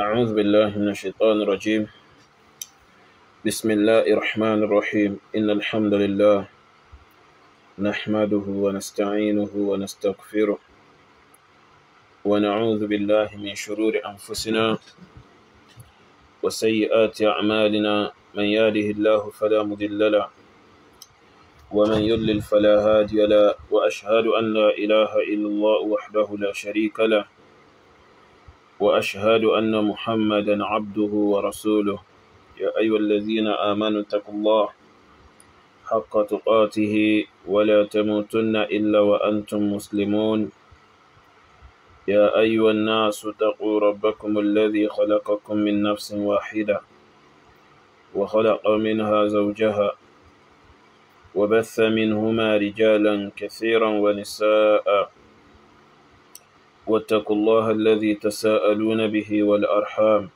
أعوذ بالله من الشيطان الرجيم بسم الله الرحمن الرحيم إن الحمد لله نحمده ونستعينه ونستغفره ونعوذ بالله من شرور أنفسنا وسيئات أعمالنا من يهده الله فلا مضل له ومن يضلل فلا هادي له وأشهد أن لا إله إلا الله وحده لا شريك له وأشهد أن محمدا عبده ورسوله يا أيها الذين آمنوا اتقوا الله حق تقاته ولا تموتن إلا وأنتم مسلمون يا أيها الناس اتقوا ربكم الذي خلقكم من نفس واحدة وخلق منها زوجها وبث منهما رجالا كثيرا ونساء واتقوا الله الذي تساءلون به والأرحام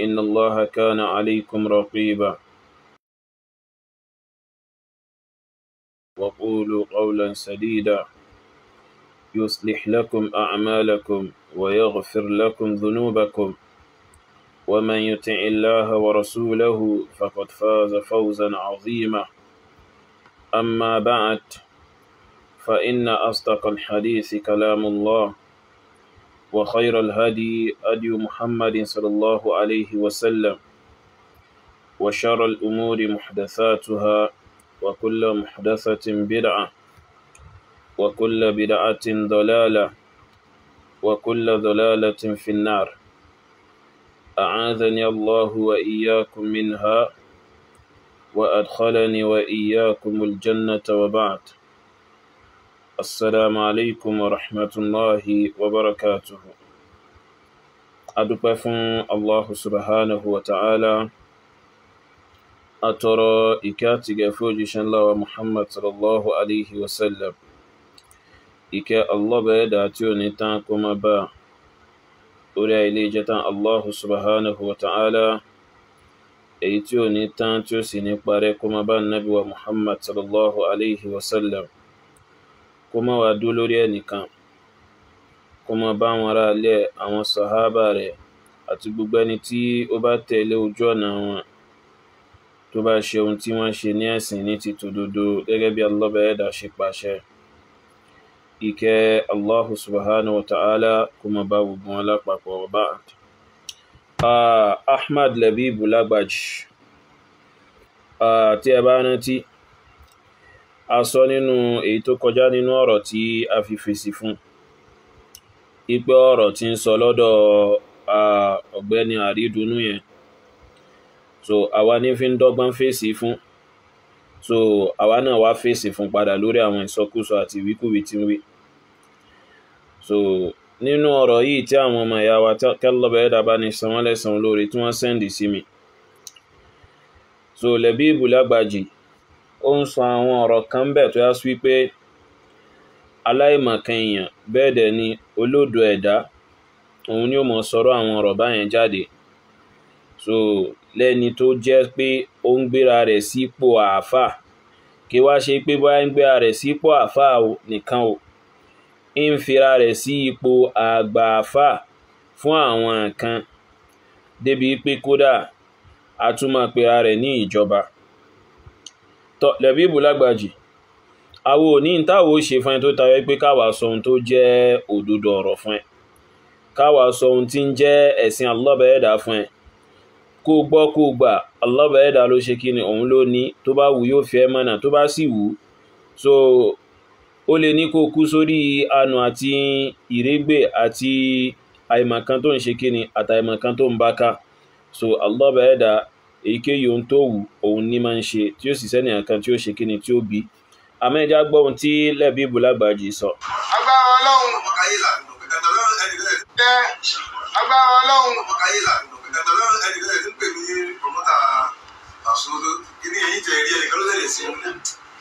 إن الله كان عليكم رقيبا وقولوا قولا سديدا يصلح لكم أعمالكم ويغفر لكم ذنوبكم ومن يطع الله ورسوله فقد فاز فوزا عظيما أما بعد فإن أصدق الحديث كلام الله وخير الهدي أدي محمد صلى الله عليه وسلم وشر الأمور محدثاتها وكل محدثة بدعة وكل بدعة ضلالة وكل ضلالة في النار أعاذني الله وإياكم منها وأدخلني وإياكم الجنة وبعد السلام عليكم ورحمة الله وبركاته adúpẹ́ fún allahu subhanahu wa ta'ala atọrọ ìkẹ́ àti gẹ̀ fún òjíṣẹ́ ńlá wa muhammad sallallahu alaihi wasallam ìkẹ́ allọ́bẹ̀ ẹ̀dà tí ò ní tán kó má bá orí ilé jẹ́ tán allahu subhanahu wa ta'ala èyí tí ò ní tán tí ó sì ní parẹ́ kó má bá nabi wa muhammad sallallahu alaihi wasallam kó má wàá dúró lórí ẹnìkan kó máa bá àwọn aráalé àwọn sàhábà rẹ̀ àti gbogbo ẹni tí ó bá tẹ̀lé ojú ọ̀nà wọn tó bá ṣe ohun tí wọ́n ṣe ní ẹ̀sìn ní ti tòdodo gẹ́gẹ́ bí Allah ọba ẹ̀dá ṣe pàṣẹ. Ìkẹ́ Allahu subhanahu wa ta'ala kó máa bá gbogbo wọn lápapọ̀ ọba. Ahmad Labeeb Lagbaji tí ẹ bá rántí a sọ nínú èyí tó kọjá nínú ọ̀rọ̀ tí a fi fèsì fún ipe ọ̀rọ̀ tí ń sọ lọ́dọ̀ ọ̀gbẹ́ni àrídùnú yẹn so àwa ní fi ń dọ́gbọ́n fèsì fún so àwa náà wá fèsì fún padà lórí àwọn ìsọkúsọ àti ìwíkúwí tí ń wí so nínú ọ̀rọ̀ yìí tí àwọn ọmọ ìyá wa kẹ́lọ́bẹ̀ ẹ̀dá bá ní sanwó lẹ́sàn lórí tí wọ́n sẹ́ndì sí mi so Lẹ́bíìbù Lágbàjì ó ń sọ àwọn ọ̀rọ̀ kan bẹ́ẹ̀ tó yá sí wípé aláìmọ̀kan èèyàn bẹ́ẹ̀ dẹ̀ ni olódo ẹ̀dá òun ni ó mọ̀ sọ̀rọ̀ àwọn ọ̀rọ̀ báyẹn jáde so lẹ́ni tó jẹ́ pé ó ń gbéra rẹ̀ sípò àáfà kí wá ṣe pé báyìí ń gbéra rẹ̀ sípò àáfà nìkan o ń fira rẹ̀ sí ipò àgbà àáfà fún àwọn nǹkan débi pé kódà a tún máa pera rẹ̀ ní ìjọba lẹ́bíbù lágbàjì àwo òní ìtawò ṣe fún ẹ tó tayọ pé káwà sọ ohun tó jẹ́ òdodo ọ̀rọ̀ fún ẹ káwà sọ ohun tí ń jẹ́ ẹ̀sìn alọ́bẹ̀ẹ́dà fún ẹ kó gbọ́ kó gbà alọ́bẹ̀ẹ́dà ló ṣe kíni òun ló ní tó bá wù yóò fẹ́ mọ̀nà tó bá sì wù so ó lè ní kó kú sórí àánú àti ìrégbè àti àìmọ̀kan tó ń ṣe kíni àtàìmọ̀kan tó ń bá ká so alọ́bẹ̀ẹ́dà èyíkéyìí ohun tó wù òun ní máa ń ṣe tí ó sì sẹ́ni kan tí ó ṣe kíni tí ó bí amẹ́jà gbọ́ ohun tí lẹ́bí ìbò lágbàájì sọ. agbára ọlọ́run jẹ́ agbára ọlọ́run ẹ̀dọ̀lọ́run ẹnìkan ń pè ní ọmọta àṣọ kíní ẹ̀yìn jẹ́ ẹ̀rí ẹnìkan ló sí ẹ̀mí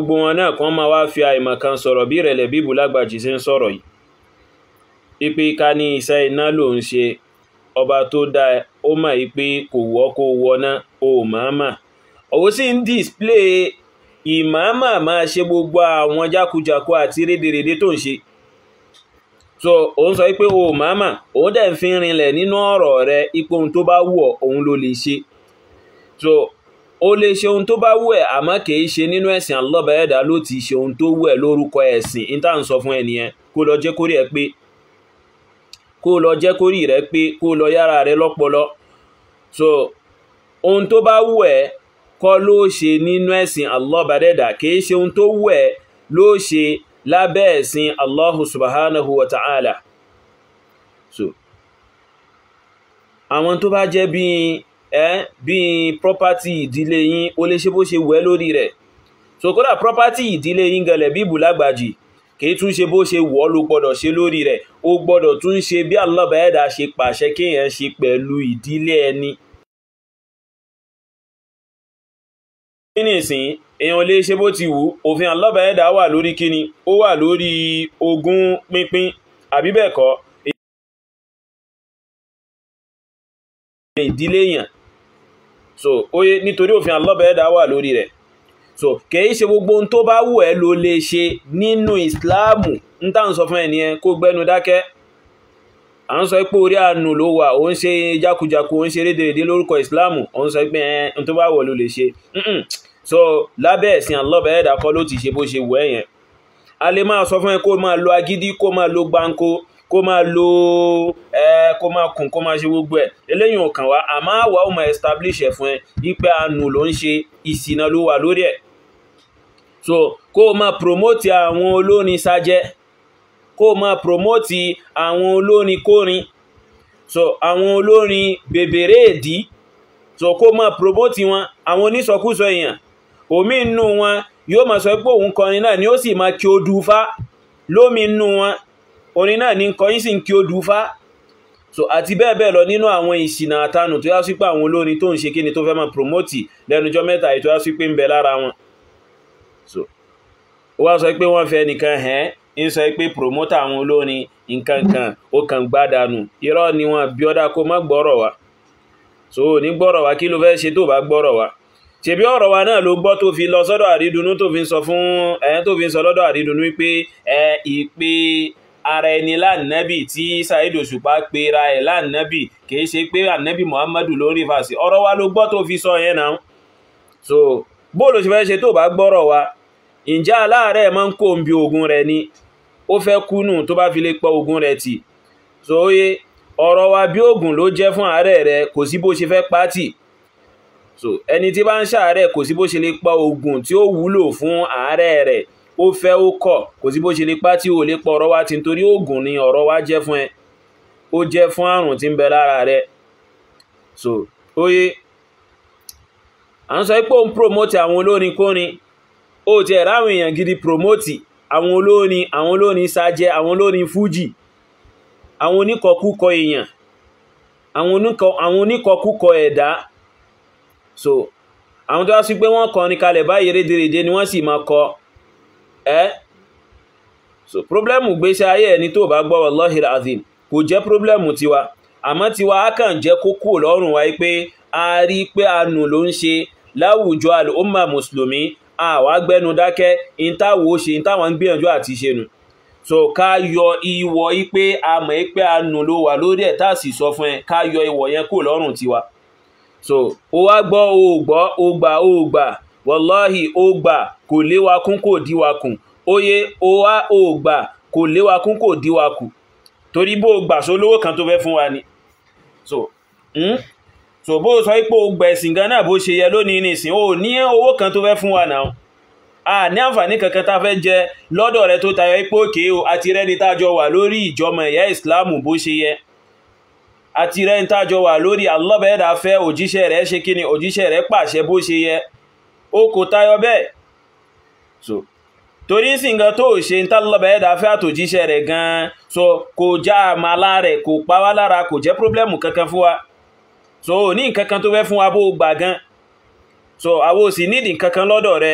gbogbo wọn náà kan máa wá fi àìmọ̀ kan sọ̀rọ̀ bí ìrẹ̀lẹ̀ bíbù lágbàjì sí ń sọ̀rọ̀ yìí ipe ká ní iṣẹ́ iná ló ń ṣe ọba tó dá ó mọ̀ pé kò wọ́ kó wọná o màmá òwò sì ń display ìmàmà máa ṣe gbogbo àwọn jákujàku àti rédèrèdè tó ń ṣe so òun sọ pé o màmá òun dẹ̀ fi rinlẹ̀ nínú ọ̀rọ̀ rẹ ipò ohun tó bá wù ọ́ òun ló lè ṣe so ó lè ṣe ohun tó bá wù ẹ́ àmọ́ kìí ṣe nínú ẹ̀sìn alọ́bẹ̀ẹ́dà ló ti ṣe ohun tó wù ẹ́ lórúkọ níta ń sọ fún ẹ nìyẹn kó lọ jẹ́ kórìí ẹ pé kó lọ rẹ pé kó lọ yára rẹ lọpọlọ so ohun tó bá wù ẹ kọ ló ṣe nínú ẹ̀sìn kìí ṣe ohun tó wù ló ṣe ẹ́ bíi property ìdílé yín ó lè ṣe bó ṣe wù lórí rẹ̀ so kódà property ìdílé yín gẹlẹ̀ bí ìbùlágbàjì kìí tún ṣe bó ṣe wù ọ́ ló gbọ́dọ̀ ṣe lórí rẹ̀ ó gbọ́dọ̀ tún ṣe bí alọ́bà ẹ̀dá ṣe pàṣẹ kéèyàn ṣe pẹ̀lú ìdílé ẹni. nísìnyí èèyàn lè ṣe bó ti wù òfin alọ́bà ẹ̀dá wà lórí kíni ó wà lórí ogún pínpín àbí bẹ́ẹ̀ kọ́ ìdílé yàn so oye nítorí òfin alọ́bẹ̀ẹ́dá wà lórí rẹ̀ so kìí ṣe gbogbo ohun tó bá wù ẹ́ ló lè ṣe nínú ìsìláàmù ń tà ń sọ fún ẹnìyẹn kó gbẹ́nu dákẹ́ à ń sọ pé orí àánú ló wà ó ń ṣe jákujàku ó ń ṣe rédèrèdè lórúkọ ìsìláàmù ó ń sọ pé ẹn tó bá wù ló lè ṣe so lábẹ́ ẹ̀sìn alọ́bẹ̀ẹ́dá kọ́ ló ti ṣe bó ṣe wù ẹ́ yẹn a lè máa sọ fún ẹ kó máa lo agídí kó máa lo gbáǹkó kó máa lo ẹ kó máa kùn kó máa ṣe gbogbo ẹ̀ eléyìí ò kàn wá àmọ́ àwa ó máa establish ẹ̀ fún ẹ ipe àánú ló ń ṣe ìsìnà ló wà lórí ẹ̀ so kó o máa promote àwọn olórin sajẹ́ kó o máa promote àwọn olórin kórin so àwọn olórin bèbèrè èdí so kó o máa promote wọn àwọn onísọkúsọ èèyàn omi nínú wọn yóò máa sọ pé òun kọrin náà ni ó sì máa kí o dùfá lómi nínú wọn orin náà ní kọ́ yín sì ń kí ó dùfá so àti bẹ́ẹ̀ bẹ́ẹ̀ lọ nínú àwọn ìṣìnà àtanù tó yá sí pé àwọn olórin tó ń ṣe kí ni tó fẹ́ máa promote lẹ́nujọ́ mẹ́ta ètò yá sí pé ń bẹ lára wọn so wọ́n sọ pé wọ́n fẹ́ nìkan hẹ́n ń sọ pé promoter àwọn olórin nǹkan kan ó kàn gbádànù irọ́ ni wọ́n bí ọ́dá kó má gbọ́rọ̀ wá so ní gbọ́rọ̀ wá kí ló fẹ́ ṣe tó bá gbọ́rọ̀ wá ṣebí ọ̀rọ̀ wa náà ló gbọ́ tó fi lọ sọ́dọ̀ àrídùnú tó fi ń sọ fún ẹ̀yẹn tó fi ń sọ lọ́dọ̀ àrídùnú wípé ẹ ìpè ara ẹni lánàbì tí Saheed Òṣùpá pera ẹ̀ lánàbì kìí ṣe pé ànàbì Muhammadu ló ń rí fàṣẹ ọ̀rọ̀ wa ló gbọ́ tó fi sọ yẹn náà so bóòlù ṣe fẹ́ ṣe tó bá gbọ́rọ̀ wa ǹjẹ́ aláàárẹ̀ máa ń kó ń bi ogun rẹ̀ ni ó fẹ́ kúnnù tó bá fi lè pọ̀ ogun rẹ̀ tì so oye ọ̀rọ̀ wa bí ogun ló jẹ́ fún àárẹ̀ rẹ̀ kò sí bó ṣe fẹ́ pátì so ẹni tí bá ń ṣàárẹ̀ kò sí bó ṣe lè pọ̀ ogun tí ó wúlò fún àárẹ̀ rẹ̀ ó fẹ́ ó kọ̀ kò sí bó ṣe lè pa tí ò lè pọ̀ ọ̀rọ̀ wa ti nítorí oògùn ni ọ̀rọ̀ wa jẹ́ fún ẹ ó jẹ́ fún àrùn tí ń bẹ lára rẹ so oye à ń sọ pé ó promote àwọn olórin kórin ó ti ẹ̀ ráwọn èèyàn gidi promote àwọn olórin àwọn olórin sajẹ àwọn olórin fújì àwọn oníkọkúkọ èèyàn àwọn oníkọkúkọ ẹ̀dá so àwọn tó wá sí pé wọ́n kọrin kalẹ̀ báyìí rédèrèdè ni wọ́n sì máa kọ ẹ́ eh? so problemu gbésí ayé ẹni tó bá gbọ́ wallahil azim kò jẹ́ problemu tiwa àmọ́ tiwa á kàn jẹ́ kókó lọ́rùn wa pé a rí i pé anù ló ń ṣe láwùjọ al'umma mùsùlùmí àwa gbẹnu dákẹ́ ìntàwò ṣe ìntàwọn ń gbìyànjú àti ṣe nù so ká yọ ìwọ̀ pé a mọ̀ pé anù ló wà lórí ẹ̀ tá sì sọ fún ẹ ká yọ ìwọ̀ yẹn kó lọ́rùn tiwa so ó wá gbọ́ ó gbọ́ wàláhì ó gbà kò léwa kún kò díwa kùn óyé ó wá ó gbà kò léwa kún kò díwa kù torí bó gbà só lówó kan tó fẹ́ fún wa ni so mm? so bó sọ pé ó gbà ẹ̀sìn gan náà bó ṣe yẹ lónìí nìsín ó ní owó kan tó fẹ́ fún wa náà a ní àǹfààní kankan tá fẹ́ jẹ lọ́dọ̀ rẹ tó tayọ ipò òkè o àti rẹni tájọ wà lórí ìjọmọ ẹ̀yà ìsìláàmù bó ṣe yẹ àti rẹni tájọ wà lórí Allah bẹ̀ẹ́dà fẹ́ òjíṣẹ́ rẹ̀ ṣe kíni òjíṣẹ́ rẹ̀ pàṣẹ bó ṣe yẹ ó kò tayọ bẹ́ẹ̀ so torí sì nǹkan tó ṣe ń tálọ́bẹ̀ ẹ̀dá fẹ́ àtòjíṣẹ́ rẹ̀ gan-an so kò já àmàlà rẹ̀ kò pa wá lára kò jẹ́ pírọ́blẹ́mù kankan fún wa so ò ní nǹkan tó fẹ́ fún wa bó gbà gan so àwọn ò sì nídìí nǹkan lọ́dọ̀ rẹ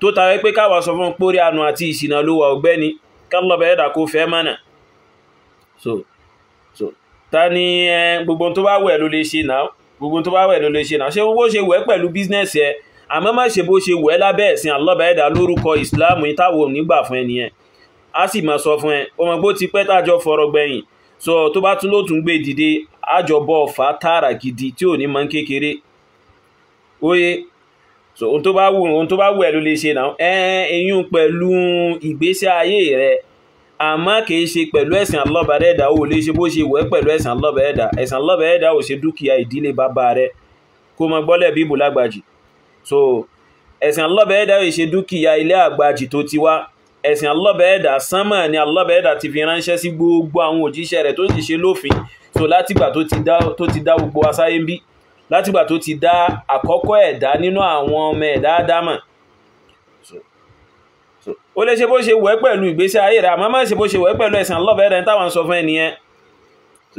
tó tayọ pé káwa sọ fún pórí àánú àti ìṣìnà ló wà ọ̀gbẹ́ni kálọ́bẹ̀ ẹ̀dá kò fẹ́ mọ̀nà so so ta ni gbogbo tó bá wẹ̀ ló lè ṣe náà gbogbo tó bá wẹ̀ ló lè ṣe náà ṣé owó ṣe wẹ̀ pẹ̀lú bísínẹ́sì ẹ̀ àmọ́ má ṣe bó ṣe wù ẹ́ lábẹ́ ẹ̀sìn alọ́bàáyẹ̀dá lórúkọ ìsìláàmù ìtawọ̀ nígbà fún ẹni ẹ̀ á sì máa sọ fún ẹ ọmọ gbó ti pẹ́ tájọ fọ̀rọ̀ gbẹ̀yìn sọ tó bá tún lótún gbé dìde àjọbọ̀ ọ̀fà tààrà gidi tí ò ní mọ́ kékeré oye so ohun tó bá wù ohun tó bá wù ẹ ló lè ṣe náà ẹ ẹyún pẹ̀lú ìgbésí ayé rẹ àmọ́ kìí ṣe pẹ̀lú ẹ̀sìn alọ́bàáyẹ̀dá ò lè ṣe bó ṣe wù ẹ́ pẹ̀lú ẹ̀sìn alọ́bàáyẹ̀dá ẹ̀sìn alọ́bàáyẹ̀dá ò ṣe dúkìá ìdílé bàbá rẹ kó mọ gbọ́lẹ̀ bíbù lágbàjì so ẹ̀sìn alọ́bẹ̀ẹ́dà ìṣe dúkìá ilé àgbàjì tó ti wá ẹ̀sìn alọ́bẹ̀ẹ́dà sánmà ni alọ́bẹ̀ẹ́dà ti fi ránṣẹ́ sí gbogbo àwọn òjíṣẹ́ rẹ̀ tó sì ṣe lófin so látìgbà tó ti dá gbogbo asáyé ń bí látìgbà tó ti dá àkọ́kọ́ ẹ̀dá nínú àwọn ọmọ ẹ̀dá ádámà ó lè ṣe bó ṣe wẹ́ pẹ̀lú ìgbésí ayé rẹ̀ àmọ́ má ṣe bó ṣe wẹ́ pẹ̀lú ẹ̀sìn alọ́bẹ̀ẹ́dà táwọn sọ fún ẹnìyẹn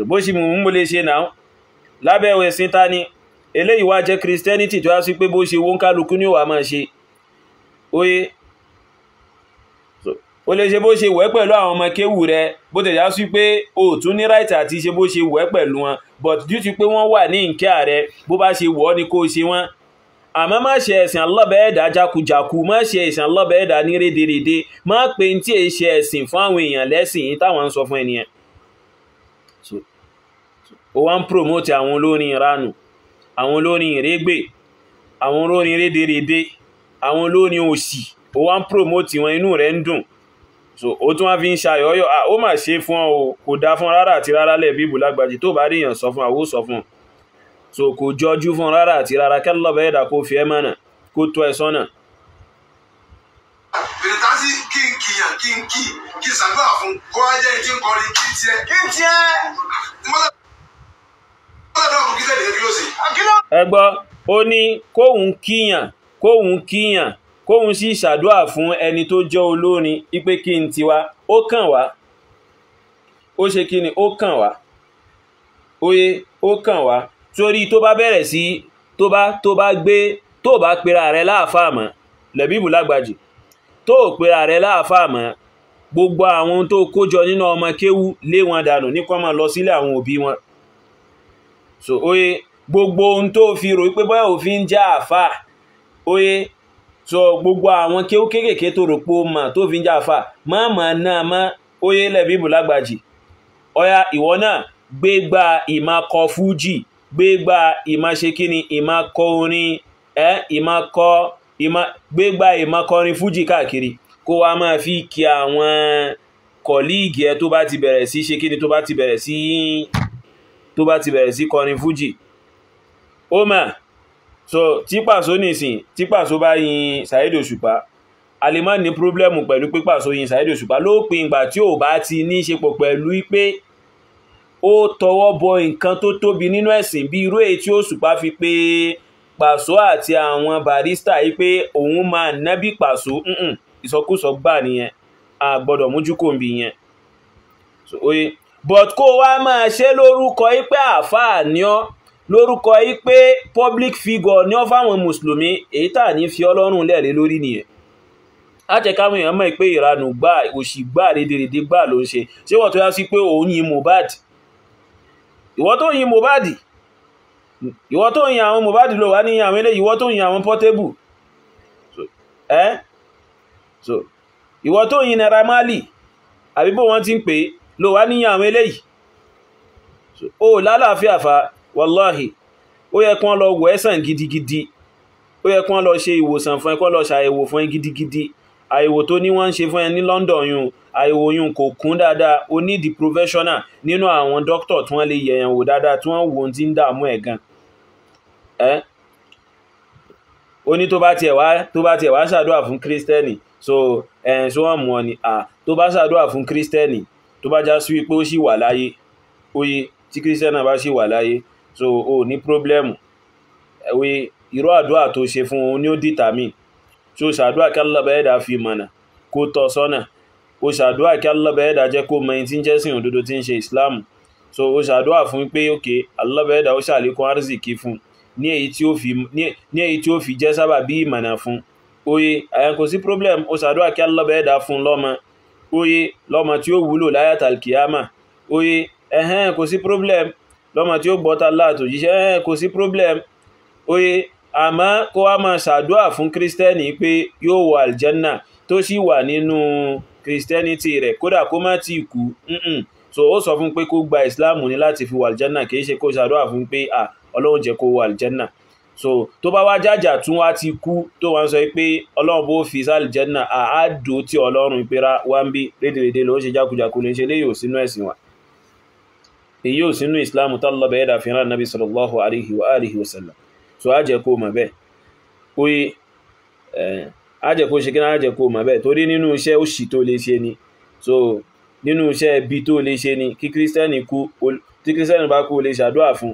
bó ṣe mú mú lè ṣe náà lábẹ́ ẹ̀sìn ta ni eléyìí wá jẹ́ christianity tó yá sí pé bó ṣe wọ́n kálukú ní òwà máa ṣe oye o lè ṣe bó ṣe wẹ́ pẹ̀lú àwọn ọmọ kéwù rẹ bó tẹ̀yà sí pé o tún ní right àti ṣe bó ṣe wẹ́ pẹ̀lú wọn but due to pé wọ́n wà ní nkẹ́ ààrẹ bó bá ṣe wọ́ ni kó ṣe wọ́n àmọ́ má ṣe ẹ̀sìn alọ́bẹ̀ẹ́dà jakujaku má ṣe ẹ̀sìn alọ́bẹ̀ẹ́dà ní rédèrèdè má pe ní tí èyí ṣe ẹ̀sìn fún àwọn èèyàn lẹ́sìn yìí táwọn ń sọ fún ẹnìyẹn ó wá ń promote àwọn olórin ìranù àwọn olórin ìrégbè àwọn olórin rédèrèdè àwọn olórin òsì ó wá ń promote wọn inú rẹ̀ ń dùn so ó tún wá fi ń ṣayọ̀ọ́yọ̀ ó mà ṣe fún ọ kò dá fún rárá àti rárá lẹ́ẹ̀bí ìbúlágbàjì tó bá ríyàn sọ fún àwọ̀ sọ fún un so kò jọjú fún rárá àti rárá kẹ́lọ́ bẹ́ẹ̀ dà kó fi ẹ́ mọ̀nà kó tó ẹ sọ́nà. bìrìtà kí n kìyàn kí n kì kí n ṣàdúrà fún kó wá jẹ́ kí n kọrin kí n tiẹ̀ kí n tiẹ̀ ẹ gbọ́ ó ní kóhun kíyàn kóhun kíyàn kóhun sì ṣàdúà fún ẹni tó jẹ́ olórin ipe kí n tiwa ó kàn wá ó ṣe kí ni ó kàn wá oye ó kàn wá torí tó bá bẹ̀rẹ̀ sí tó bá tó bá gbé tó bá pera rẹ láàfáà mọ́ lẹ́bíbù lágbàjì tó pera rẹ láàfáà mọ́ gbogbo àwọn tó kójọ nínú ọmọ kéwú lé wọn dànù ní kó lọ sílé àwọn òbí wọn so oye gbogbo ohun tó fi rò wípé bóyá òfin jẹ́ àfà oye so gbogbo àwọn kéwú kéékèèké tó rò pé ó mà tó fi ń jẹ́ àfà má mà náà má oye lẹ́bí bùlágbàjì ọya ìwọ náà gbégbá ìmá kọ fújì gbégbá ìmá ṣe kíni ìmá kọ orin ẹ ìmá kọ ìmá gbégbá ìmá kọrin fújì káàkiri kó wa máa fi kí àwọn kọ̀líìgì ẹ tó bá ti bẹ̀rẹ̀ sí ṣe kíni tó bá ti bẹ̀rẹ̀ sí tó bá ti bẹ̀rẹ̀ sí kọrin fújì ó mà so tí Paso nìsìn tí Paso bá yin Saheed Òṣùpá a lè má ní pírọ́blẹ́mù pẹ̀lú pé Paso yin Saheed Òṣùpá lópin ìgbà tí ò bá ti ní ṣe pọ̀ pẹ̀lú pé ó tọwọ́ bọ nǹkan tó tóbi nínú ẹ̀sìn bí irú èyí tí Òṣùpá fi pé Paso àti àwọn barista yìí pé òun máa nábì Paso ìsọkúsọ gbà nìyẹn a gbọ́dọ̀ mójúkò ń bì yẹn so oye but kó wá máa ṣe lórúkọ yìí pé àáfàá ni ọ́ lórúkọ yìí pé public figure ni ọ́ fáwọn mùsùlùmí èyí tà ní fi ọlọ́run lẹ́rìí lórí nìyẹn láti káwọn èèyàn mọ̀ pé ìranù gbà òṣì gbà rédèrèdè gbà ló ń ṣe ṣé wọ́n tó yá sí pé òun yin Mohbad ìwọ tó yin Mohbad ìwọ tó yin àwọn Mohbad ló wà ní àwọn eléyìí ìwọ tó yin àwọn Portable ẹ́ tó yin Naira Marley àbí bó wọ́n ti ń pè é Lo wá níyàn àwọn eléyìí o lálàáfíà fa wàláhì ó yẹ kán lọ wẹ̀ sàn gidigidi ó yẹ kán lọ ṣe ìwòsàn fún ẹ kán lọ ṣàyẹ̀wò fún ẹ gidigidi àyẹ̀wò tó ní wọ́n ń ṣe fún ẹ ní London yun àyẹ̀wò yun kò kún dáadáa o ní di professional nínú àwọn doctor tí wọ́n lè yẹ̀yàn wò dáadáa tí wọ́n wò ó ti ń dààmú ẹ̀ gan ẹ́ ó ní tó bá tiẹ̀ wá tó bá tiẹ̀ wá ṣàdúrà fún kírísítẹ́nì so ẹ̀ ṣé wọ́n mú ọ ni à tó bá ṣàdúrà fún kírísítẹ́nì tó bá já sí wípé ó sì wà láyé oye tí kírísítẹ́nì náà bá sì wà láyé so o ní pírọ́blẹ́mù ẹ̀wẹ̀ irú àdúrà tó ṣe fún un ní ó dìtàmì tí ó ṣàdúrà kí Allah bẹ́ẹ̀dà fi mọ̀nà kó tọ́ sọ́nà ó ṣàdúrà kí Allah bẹ́ẹ̀dà jẹ́ kó mọ tí ń jẹ́ sìn òdodo tí ń ṣe Islam so ó ṣàdúrà fún pé òkè Allah bẹ́ẹ̀dà ó ṣàlékún arzikí fún ní èyí tí ó fi jẹ́ sábà bí ìmọ̀nà fún oye àyànkò sí problem ó ṣàdúrà kí Allah fún lọ́mọ oye lọ́mọ tí ó wúlò láyàtà kìámà oye ẹ̀hẹ́n kò sí problem lọ́mọ tí ó gbọ́ta láàtò jíṣẹ́ ẹ̀hẹ́n kò sí problem oye àmọ́ kó wá máa ṣàdúà fún kírísítẹ́nì pé yóò wọ àlìjẹ́nà tó sì wà nínú kírísítẹ́nìtì rẹ̀ kódà kó má ti kú so ó sọ fún pé kó gba ìsìláàmù ní láti fi wọ àlìjẹ́nà kì í ṣe kó ṣàdúà fún pé ọlọ́run jẹ́ kó wọ àlìjẹ́nà so tó bá wá jàjà tún wá ti kú tó wá ń sọ pé ọlọ́run bó fi sáàlì jẹ́nà àádó tí ọlọ́run ìpera wá ń bí rédèrèdè ló ń ṣe jákujàku lè ṣe léyìí ò sínú ẹ̀sìn wa èyí ò sínú islam tọ́lọ́bẹ̀ ẹ̀dà fi hàn nàbí sallallahu alaihi wa alihi wa so á jẹ́ kó mọ̀ bẹ́ẹ̀ oye á jẹ́ kó ṣe kí náà á jẹ́ kó mọ̀ bẹ́ẹ̀ torí nínú iṣẹ́ òṣì tó lè ṣe ni so nínú iṣẹ́ ibi tó lè ṣe ni kí kírísítẹ́nì kú tí kírísítẹ́nì bá kú lè ṣàdúrà fún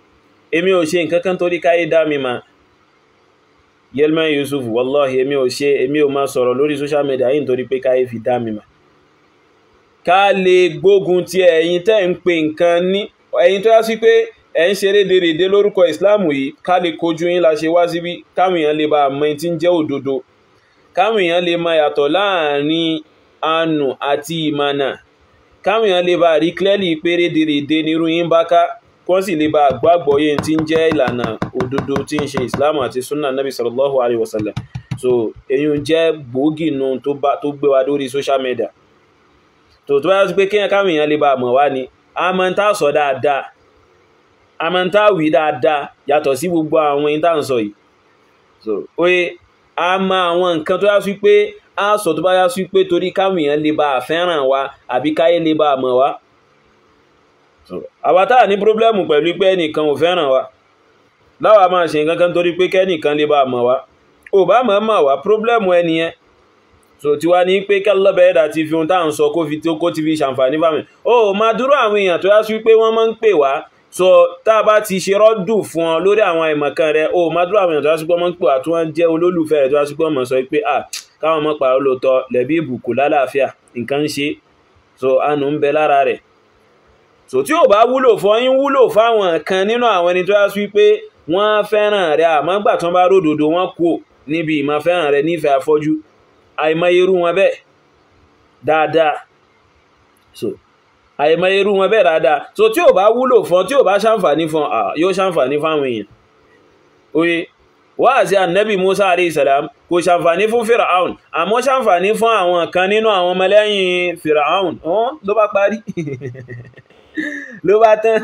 èmi ò ṣe nǹkan kan torí káyé dá mi mà Yelman Yusuf wallahi èmi ò ṣe èmi ò máa sọ̀rọ̀ lórí social media yìí nítorí pé káyé fi dá mi mà ká lè gbógun ti ẹ̀yin tẹ́ ń pe nǹkan ní ẹ̀yin tó yá sí pé ẹ̀ ń ṣeré dèrèdè lórúkọ ìsìláàmù yìí ká lè kojú yín la ṣe wá síbí káwọn èèyàn lè bá àmọ́ ẹni tí ń jẹ́ òdodo káwọn èèyàn lè máa yàtọ̀ láàrin àánú àti ìmànà káwọn èèyàn lè bá rí clearly pé rédèrèdè nírú yín bá ká wọ́n sì lè bá àgbọ́ àgbọ́yé tí ń jẹ́ ìlànà òdodo tí ń ṣe islam àti sunna nabi sallallahu alayhi wa sallam so eyín jẹ́ gbòógì nu tó gbé wa lórí social media tó tó bá pé kéèyàn káwọn èèyàn lè bá mọ̀ wá ni a máa ń tà sọ dáadáa a máa ń tà wí dáadáa yàtọ̀ sí gbogbo àwọn ẹni tá ń sọ yìí so oye a máa àwọn nǹkan tó yá sí pé a sọ tó bá yá sí pé torí káwọn èèyàn lè bá fẹ́ràn wa àbí káyé lè bá mọ̀ wá àwa táà ní pírọ́blẹ́mù pẹ̀lú pé ẹnìkan ò fẹ́ràn wa láwa máa ṣe nǹkan kan torí pé kẹ́nìkan lè bá a mọ̀ wá ò bá mọ̀ mọ̀ wá pírọ́blẹ́mù ẹni yẹn so tiwa ní pé kẹ́lọ́bẹ̀ ẹ̀dà ti fi ohun tá à ń sọ kó fi tó kó ti fi ṣàǹfààní fáwọn ò máa dúró àwọn èèyàn tó yá sí pé wọ́n máa ń pè wá so tá a bá ti ṣe rọ́dù fún ọ lórí àwọn ìmọ̀kan rẹ ò máa dúró àwọn èèyàn tó yá sí pé wọ́n máa ń pè wá tó wọ́n jẹ́ olólùfẹ́ rẹ tó yá sí pé wọ́n mọ̀ sọ pé à káwọn mọ̀ pàrọ̀ lóòótọ́ lẹ̀bí ìbùkù so àánú ń bẹ lára so tí ò bá wúlò fún wúlò fáwọn kan nínú àwọn ẹni tó yá sí pé wọ́n fẹ́ràn rẹ àmọ́ gbà tán bá ródòdó wọ́n kú níbi ìmọ̀ fẹ́ràn rẹ nífẹ̀ẹ́ afọ́jú àìmọyerú wọn bẹ́ẹ̀ dáadáa so àìmọyerú wọn bẹ́ẹ̀ dáadáa so tí ò bá wúlò fún tí ò bá ṣàǹfààní fún à yóò ṣàǹfààní fáwọn èèyàn oye wáàsí ànábì Musa alayhi kò ṣàǹfààní fún Firaun àmọ́ ṣàǹfààní fún àwọn kan nínú àwọn ọmọlẹ́yìn Firaun ló bá parí ló bá tán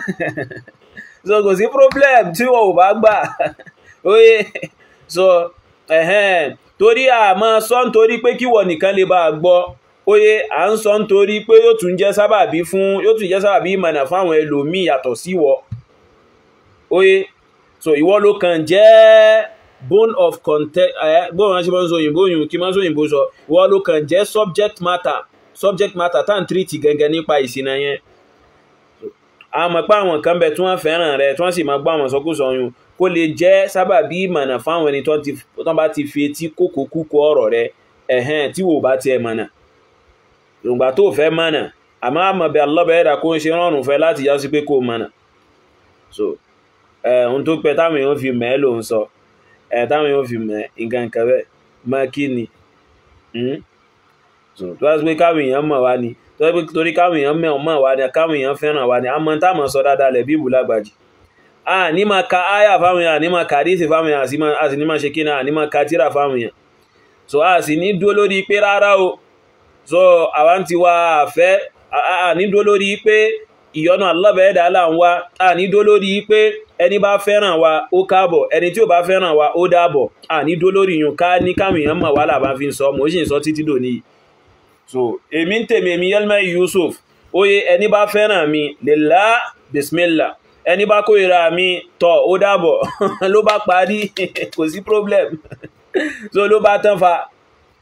so kò sí problem tí wọn ò bá gbà oye so torí àmọ́ sọ nítorí pé kíwọ nìkan lè bá a gbọ́ oye à ń sọ nítorí pé yóò tún jẹ́ sábàbí fún yóò tún jẹ́ sábàbí ìmọ̀nà fáwọn ẹlòmíì yàtọ̀ sí wọ oye so ìwọ ló kàn jẹ́ bone of contact ẹ bóun á ṣe máa ń sọ òyìnbó òyìnbó kí máa ń sọ òyìnbó sọ ìwọ ló kàn jẹ́ subject matter subject matter tá à ń tírìtì gẹ́gẹ́ nípa ìsìn náà yẹn a mọ̀ pé àwọn kan bẹ tí wọ́n fẹ́ràn rẹ tí wọ́n sì máa gbọ́ àwọn sọkúsọ yun kó lè jẹ́ sábàbí ìmọ̀nà fáwọn ẹni tó bá ti fi etí kókó kúkú ọ̀rọ̀ rẹ ẹ̀hẹ́n tí wò bá tiẹ̀ mọ̀nà ìrùngbà tó fẹ́ mọ̀nà àmọ́ àmọ̀ bẹ alọ́bẹ̀ẹ́dà kó ń ṣe rọrùn fẹ́ láti yá sí pé kó mọ̀nà so ohun tó pẹ táwọn èèyàn fi mẹ́ ló ń sọ táwọn èèyàn fi mẹ́ nǹkan kan bẹ́ẹ̀ mọ́ kí ni hmm? tó bá sí pé káwọn èèyàn mọ̀ wá tọ́ pé torí káwọn èèyàn mẹ́ ọmọ wa ni káwọn èèyàn fẹ́ràn wa ni àmọ́ táwọn sọ dáadáa lẹ̀ bíbù lágbàjì a ní máa ka áyà fáwọn èèyàn ní máa ka àdísì fáwọn èèyàn a sì ní máa ṣe kíni a ní máa ka tíra fáwọn èèyàn so a sì ní dúró lórí pé rárá o so àwa ń ti wá àfẹ́ a ní dúró lórí pé ìyọ́nà alábẹ́ẹ̀dá là ń wá a ní dúró lórí pé ẹni bá fẹ́ràn wa ó káàbọ̀ ẹni tí ò bá fẹ́ràn wa ó dáàbọ̀ a ní dúró lórí yùn ká ní káwọn èèyàn mọ̀ wá làbá fi ń sọ mò ń sì ń sọ títí dòní yìí so èmi ń tèmi èmi yelma yusuf ó yẹ ẹni bá fẹ́ràn mi lèlá bismillah ẹni bá kórìíra mi tọ̀ ó dàbọ̀ ló bá parí kò sí problem so ló bá tán fa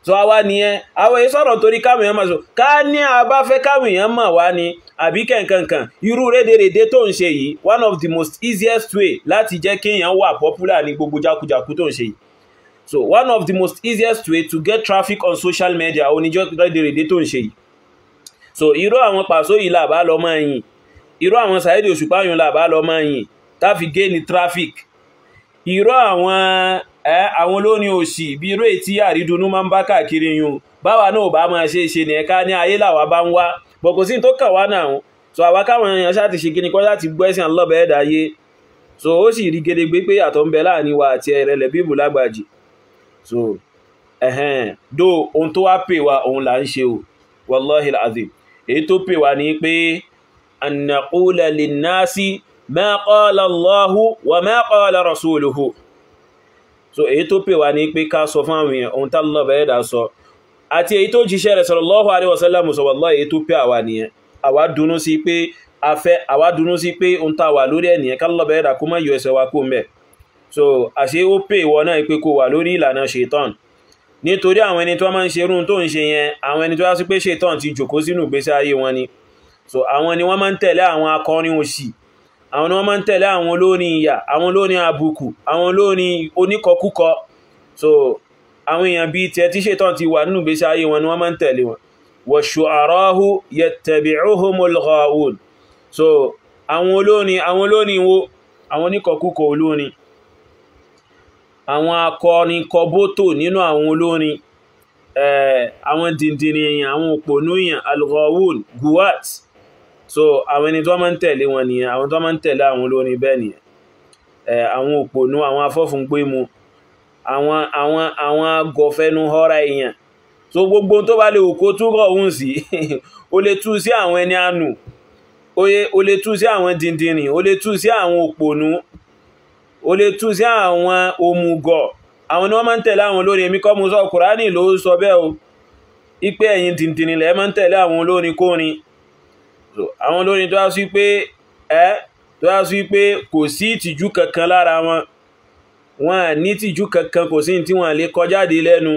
so àwa nìyẹn àwọn èyí sọ̀rọ̀ torí káwọn èèyàn máa sọ ká ní abá fẹ́ káwọn èèyàn mọ̀ wá ni àbí kẹ̀kẹ̀kẹ̀ irú rédèrèdè tó ń ṣe yìí one of the most easiest way láti jẹ́ kéèyàn wà popular ní gbogbo jákujàku tó ń ṣe yìí so one of the most easiest way to get traffic on social media oníjọ́ rédèrèdè tó ń ṣe yìí so irú àwọn pàṣọ yìí làbá lọ mọ́ yìn irú àwọn Saheed Òṣùpá yìí làbá lọ mọ́ yìn táfi gé ní traffic irú àwọn ẹ àwọn olórin òṣì bí irú ètí àrídùnnú máa ń bá káàkiri yun báwa náà bá máa ṣe ṣe nìyẹn ká ní ayé làwa bá ń wá bọ̀ kò sí ní tó kàn wá náà so àwa káwọn èèyàn ṣáà ti ṣe kí ni kọ́ láti gbọ́ ẹ̀sìn àlọ́bẹ̀ẹ́dà so ó sì rí gedegbe pé àtọ̀ ń bẹ láàrin wa àti ẹ̀rẹ̀lẹ̀ bíbù lágbàjì so ẹ̀hẹ́n do ohun tó wá pè wá òun là ń ṣe o wallahi alazim èyí tó pè wá ní pé an naqula linnasi ma qala Allahu wa ma qala so èyí tó pè wá ní pé ká sọ fún àwọn èèyàn ohun tá lọ́bẹ̀ ẹ̀dà sọ àti èyí tó jíṣẹ́ rẹ̀ sallallahu alaihi wasallam sọ wallahi èyí tó pè àwa nìyẹn àwa dùnú sí pé afẹ́ àwa dùnú sí pé ohun tá wà lórí ẹ̀nìyàn ká lọ́bẹ̀ ẹ̀dà kó má yọ ẹsẹ̀ wa kó mẹ́ẹ̀ so àṣé ó pè ìwọ náà pé kó wà lórí ìlànà ṣetán nítorí àwọn ẹni tó máa ń ṣerú tó ń ṣe yẹn àwọn ẹni tó wá sí pé ṣetán ti jòkó sínú ìgbésí ayé wọn ni so àwọn ni wọ́n máa ń tẹ̀lé àwọn akọrin òṣì àwọn ni wọ́n máa ń tẹ̀lé àwọn olórin ìyà àwọn olórin àbùkù àwọn olórin oníkọkúkọ so àwọn èèyàn bíi tiẹ̀ tí ṣetán ti wà nínú ìgbésí ayé wọn ni wọ́n máa ń tẹ̀lé wọn wa shu'arahu yattabi'uhumul ghawun so àwọn olórin àwọn olórin wo àwọn oníkọkúkọ olórin àwọn akọrin kọbótò nínú àwọn olórin eh, àwọn dìndìnrìn èèyàn àwọn òpònú èèyàn alghawul guwat so àwọn ẹni tó máa ń tẹ̀lé wọn nìyẹn àwọn tó máa ń tẹ̀lé àwọn olórin bẹ́ẹ̀ nìyẹn eh, àwọn òpònú àwọn afọ́fúngbému àwọn àwọn àwọn agọ̀fẹ́nu họ́ra èèyàn so gbogbo tó bá lè òkó túrọ̀ òun sí o lè tú sí àwọn ẹni àánú o lè tú sí àwọn dìndìnrìn o lè tú sí àwọn òpònú o lè tú sí àwọn òmùgọ̀ àwọn ni wọ́n máa ń tẹ̀lé àwọn olórin èmi kọ́ mo sọ kùránì ló sọ bẹ́ẹ̀ o ipe ẹ̀yin tìǹtìǹ ilẹ̀ máa ń tẹ̀lé àwọn olórin kórin àwọn olórin tó wá sí pé ẹ́ tó wá sí pé kò sí ìtìjú kankan lára wọn wọn ní ìtìjú kankan kò sí tí wọn lè kọjáde lẹ́nu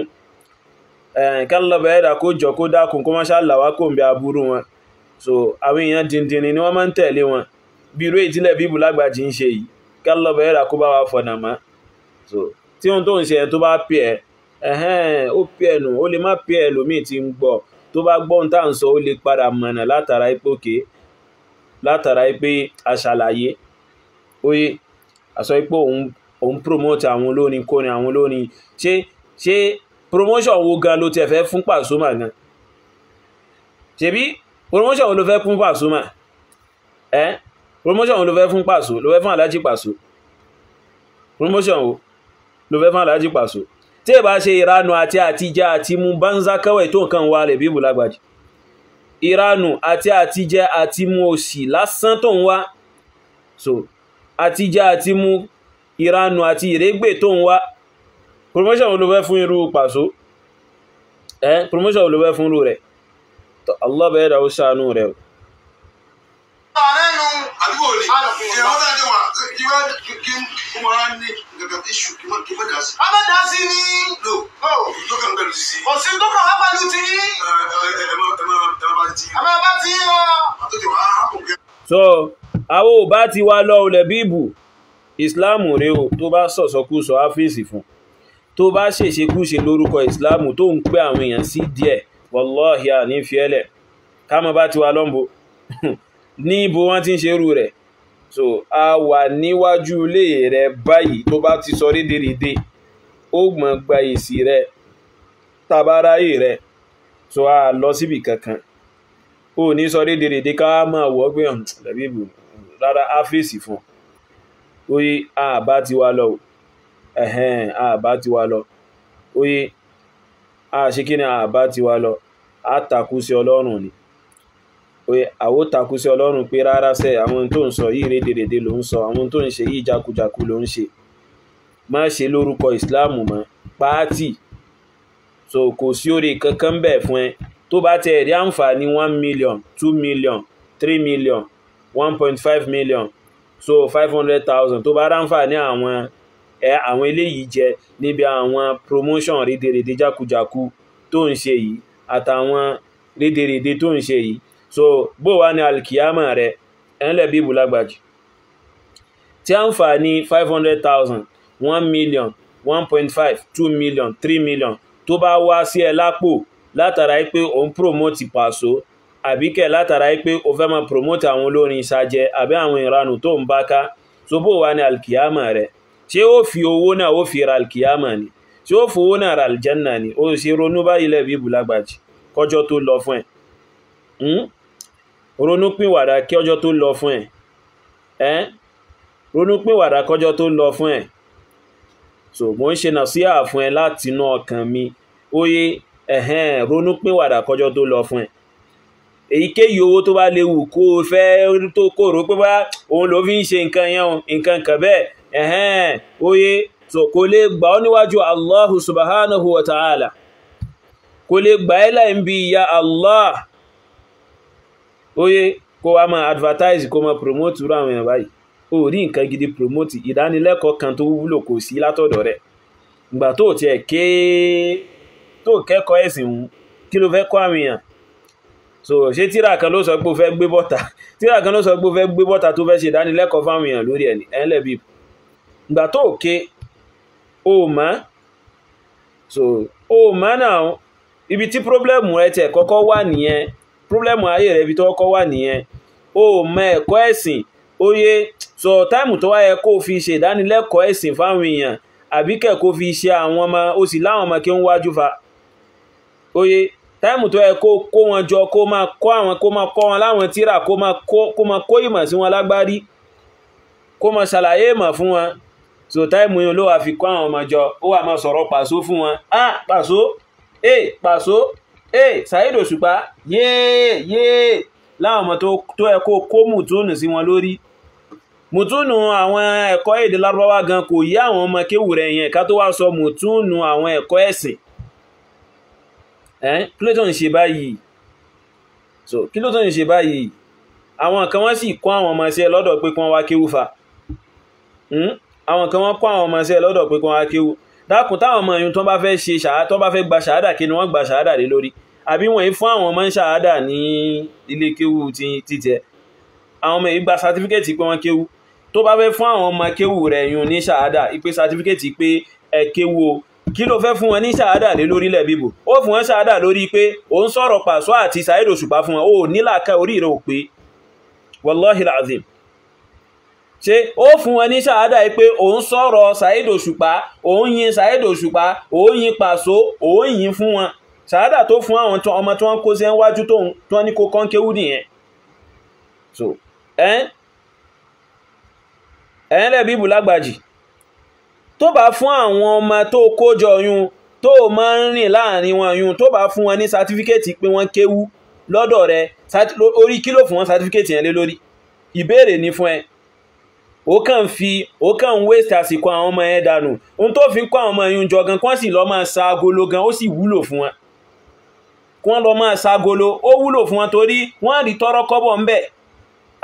so àwọn èèyàn dìndìnrín ni wọ́n máa ń tẹ̀lé wọn bí irú ìtílẹ̀ bíbù lágbàjì ń ṣe yìí kálọ̀ bẹ̀rẹ̀ rà kó bá wa fọ̀nà mọ́ so tí ohun tó ń ṣe tó bá pè ẹ́ ẹ̀hẹ́n ó pè ẹ́ nù ó lè má pè ẹ́ lómìn tí ń gbọ́ tó bá gbọ́ ohun tá à ń sọ ó lè padà mọ̀nà látara ipò látara pé aṣàlàyé oye àsọ pé òun promote àwọn olórin kórin àwọn olórin ṣé ṣé promotion wo gan ló tiẹ̀ fẹ́ fún Pasuma gan ṣebí promotion wo ló fẹ́ fún Pasuma ẹ́ promotion wo ló fẹ́ fún pàṣọ ló fẹ́ fún aláàjì pàṣọ promotion wo ló fẹ́ fún aláàjì pàṣọ tí ẹ bá ṣe ìranu àti àtijẹ àti mú bánzá kẹwẹ̀ tó nǹkan wà lẹ̀ bíbù lágbàjì ìranu àti àtijẹ àti mú òsì lásán tó ń wá so àtijẹ àti mú ìranu àti ìrégbè tó ń wá promotion wo ló fẹ́ fún irú pàṣọ ẹ promotion wo ló fẹ́ fún irú rẹ̀ Allah bẹ̀rẹ̀ ó ṣàánú rẹ̀ o tọ̀rẹ́nu. àdúgbò ni ìyàwó náà dé wa kí wọ́n kí n mọ̀ra ní gàgà iṣu kí wọ́n kí wọ́n dà wọ́n bẹ dà ni. no tó kàn pẹ̀lú sí. kò sí tó kàn wá pẹ̀lú ti. ẹ má bá ti. ẹ bá ti yọ. so àwọn ò bá ti wá lọ ìsìláàmù rẹ o tó bá sọ̀sọ̀kúsọ áfíìsì fún tó bá ṣèṣekúṣe lórúkọ ìsìláàmù tó ń pẹ́ àwọn èèyàn sí díẹ̀ wàláhì ànífẹ́lẹ̀ ká mọ bá ti wá lọ́nbó ní ibo wọ́n ti ń ṣerú rẹ̀ so a wà níwájú ilé rẹ báyìí tó bá ti sọ rédèrèdè ó gbọ́n gba èsì rẹ tabaráyè rẹ so a lọ síbi kankan ó ní sọ rédèrèdè ká máa wọ́ pé tàbí hmm, ibù rárá á fèsì fún oye àbá ti wá lọ ẹ̀hẹ́n àbá ti wá lọ oye àṣekínni àbá ti wá lọ àtàkùsí ọlọ́run ni pé àwo takú sí ọlọ́run pé rárá sẹ́ àwọn tó ń sọ yìí rédèrèdè ló ń sọ àwọn tó ń ṣe yìí jákujàku ló ń ṣe má ṣe lórúkọ islam mọ́ pàátì so kò sí oore kankan bẹ́ẹ̀ fún ẹ tó bá tiẹ̀ rí àǹfààní one million two million three million one point five million so five hundred thousand tó bá rí àwọn ẹ àwọn eléyìí jẹ níbi àwọn promotion rédèrèdè jákujàku tó ń ṣe yìí àtàwọn rédèrèdè tó ń ṣe yìí so bó wá ní alkiyama rẹ̀ ẹ̀ńlẹ̀ bíbù lágbàjì tí a ń fà ní 500,000 1 million 1.5 2 million 3 million tó bá wá sí ẹ lápò látara pé o promote pàṣọ àbíkẹ̀ látara pé o fẹ́ máa promote àwọn olórin ìsajẹ àbí àwọn ìranù tó ń bá ká so bó wá ní alkiyama rẹ̀ ṣé ó fi owó náà ó fi ra alkiyama ni tí ó fowó náà ra aljanna ni ó sì ronú báyìí lẹ́bí ibùlágbàjì kọjọ́ tó lọ fún ẹ̀ hmm? ronúpìwàdà kí ọjọ́ tó lọ fún ẹ̀ ẹ́ ronúpìwàdà kọjọ́ tó lọ fún ẹ̀ so mo ń ṣe nàṣíà fún ẹ láti inú ọkàn mi oye ẹ̀hẹ́n ronúpìwàdà kọjọ́ tó lọ fún ẹ̀ èyíkéyìí owó tó bá léwu kó o fẹ́ tó kó o rò pé bá òun ló fi ń ṣe nǹkan yẹn o nǹkan kan bẹ́ẹ̀ ẹ̀hẹ́n oye so kò lè gbà ọ́ níwájú Allahu subhanahu wa ta'ala kò lè gbà ẹ́ láì ń bi ìyá Allah óyé kó wá máa advertise kó máa promote irú àwọn èèyàn báyìí ó rí nǹkan gidi promote ìdánilẹ́kọ̀ọ́ kan tó wúlò kò sí látọ̀dọ̀ rẹ̀ ìgbà tó tiẹ̀ ké tó kẹ́kọ̀ọ́ ẹ̀sìn òun kí ló fẹ́ kọ́ àwọn èèyàn so ṣé tíra kan ló sọ pé ó fẹ́ gbé bọ́ta tíra kan ló sọ pé ó fẹ́ gbé bọ́ta tó fẹ́ ṣe ìdánilẹ́kọ̀ọ́ fáwọn èèyàn lórí ẹ̀ ẹ̀ ń lẹ̀bi ìgbà tó ké o mọ̀ so o mọ̀ náà ibi tí problem rẹ tiẹ̀ kọ́kọ́ wà nìyẹn pírọ́blẹ́mù ayé rẹ̀ ibi tó kọ́ wà nìyẹn o mọ ẹ̀kọ́ ẹ̀sìn oyè sọ táìmù tó wáyẹ kó fi ṣe ìdánilẹ́kọ̀ọ́ ẹ̀sìn fáwọn èèyàn àbí kẹ̀ kó fi ṣe àwọn ọmọ o sì láwọn ọmọ kí ń wájú fa oyè táìmù tó yẹ kó kó wọn jọ kó máa kọ́ àwọn kó máa kọ́ wọn láwọn tíra kó máa kó ìmọ̀ sí wọn lágbárí kó máa ṣàlàyé ìmọ̀ fún wọn so táìmù yìí ló wà fi kọ́ àwọn ọmọ jọ ó wà máa sọ̀rọ̀ pàṣó fún wọn ah pàṣó eh pàṣó ee Saheed Òṣùpá yéé yéé láwọn ọmọ tó ẹ̀kọ́ kó mùtúnù sí wọn lórí mùtúnù àwọn ẹ̀kọ́ èdè lárúbáwá gan kò yí àwọn ọmọ kéwù rẹ̀ yẹn ká tó wá sọ mùtúnù àwọn ẹ̀kọ́ ẹ̀sìn ẹ́n kí ló tó ń ṣe báyìí so kí ló tó ń ṣe báyìí àwọn kan wọ́n sì kọ́ àwọn ọmọ iṣẹ́ lọ́dọ̀ pé kí wọ́n wá kéwù fa hmm? àwọn kan wọ́n kọ́ àwọn ọmọ iṣẹ́ lọ́dọ̀ pé kí wọ́n wá kéwù fa dákun táwọn ọmọ yìí tó bá fẹ́ ṣe ṣàá tó bá fẹ́ gba ṣàádà kí ni wọ́n gba ṣàádà lé lórí àbí wọ́n yìí fún àwọn ọmọ ń ṣàádà ní ilé kéwú títẹ àwọn ọmọ yìí gba sátífíkẹ́tì pé wọ́n kéwú tó bá fẹ́ fún àwọn ọmọ kéwú rẹ̀ yùn ní ṣàádà ìpè sátífíkẹ́tì pé ẹ kéwú o kí ló fẹ́ fún wọn ní ṣàádà lé lórí lẹ̀ bíbò ó fún wọn ṣàádà lórí pé ó ń sọ̀rọ̀ pàṣọ àti ṣàìdòṣùpá fún wọn ó nílàkà orí rẹ̀ ò pé wàláhìlà ṣe ó fún wọn ní ṣàádà yìí pé òun sọ̀rọ̀ Saheed Òṣùpá òun yin Saheed Òṣùpá òun yin pàṣọ òun yin fún wọn ṣàádà tó fún àwọn ọmọ tí wọ́n kó sí ẹwájú tóun tí wọ́n ní kó kọ́ńkéwù nìyẹn so ẹn ẹn lẹ́bí ibù lágbàjì tó bá fún àwọn ọmọ tó kó jọ yún tó máa ń rìn láàrin wọn yún tó bá fún wọn ní sátífíkẹ́tì pé wọ́n kéwú lọ́dọ̀ rẹ̀ orí kí ló fún wọn sátífíkẹ́tì yẹn lé lórí ìbéèrè ni fún ẹ ó kàn fi ó kàn ń waste àwọn ọmọ dànù ohun tó fi ń àwọn ọmọ jọ gan wọ́n sì máa sa agolo gan ó sì wúlò fún wọn kí wọ́n máa sa agolo ó wúlò fún wọn torí wọ́n rí tọ́rọ́ kọ́bọ̀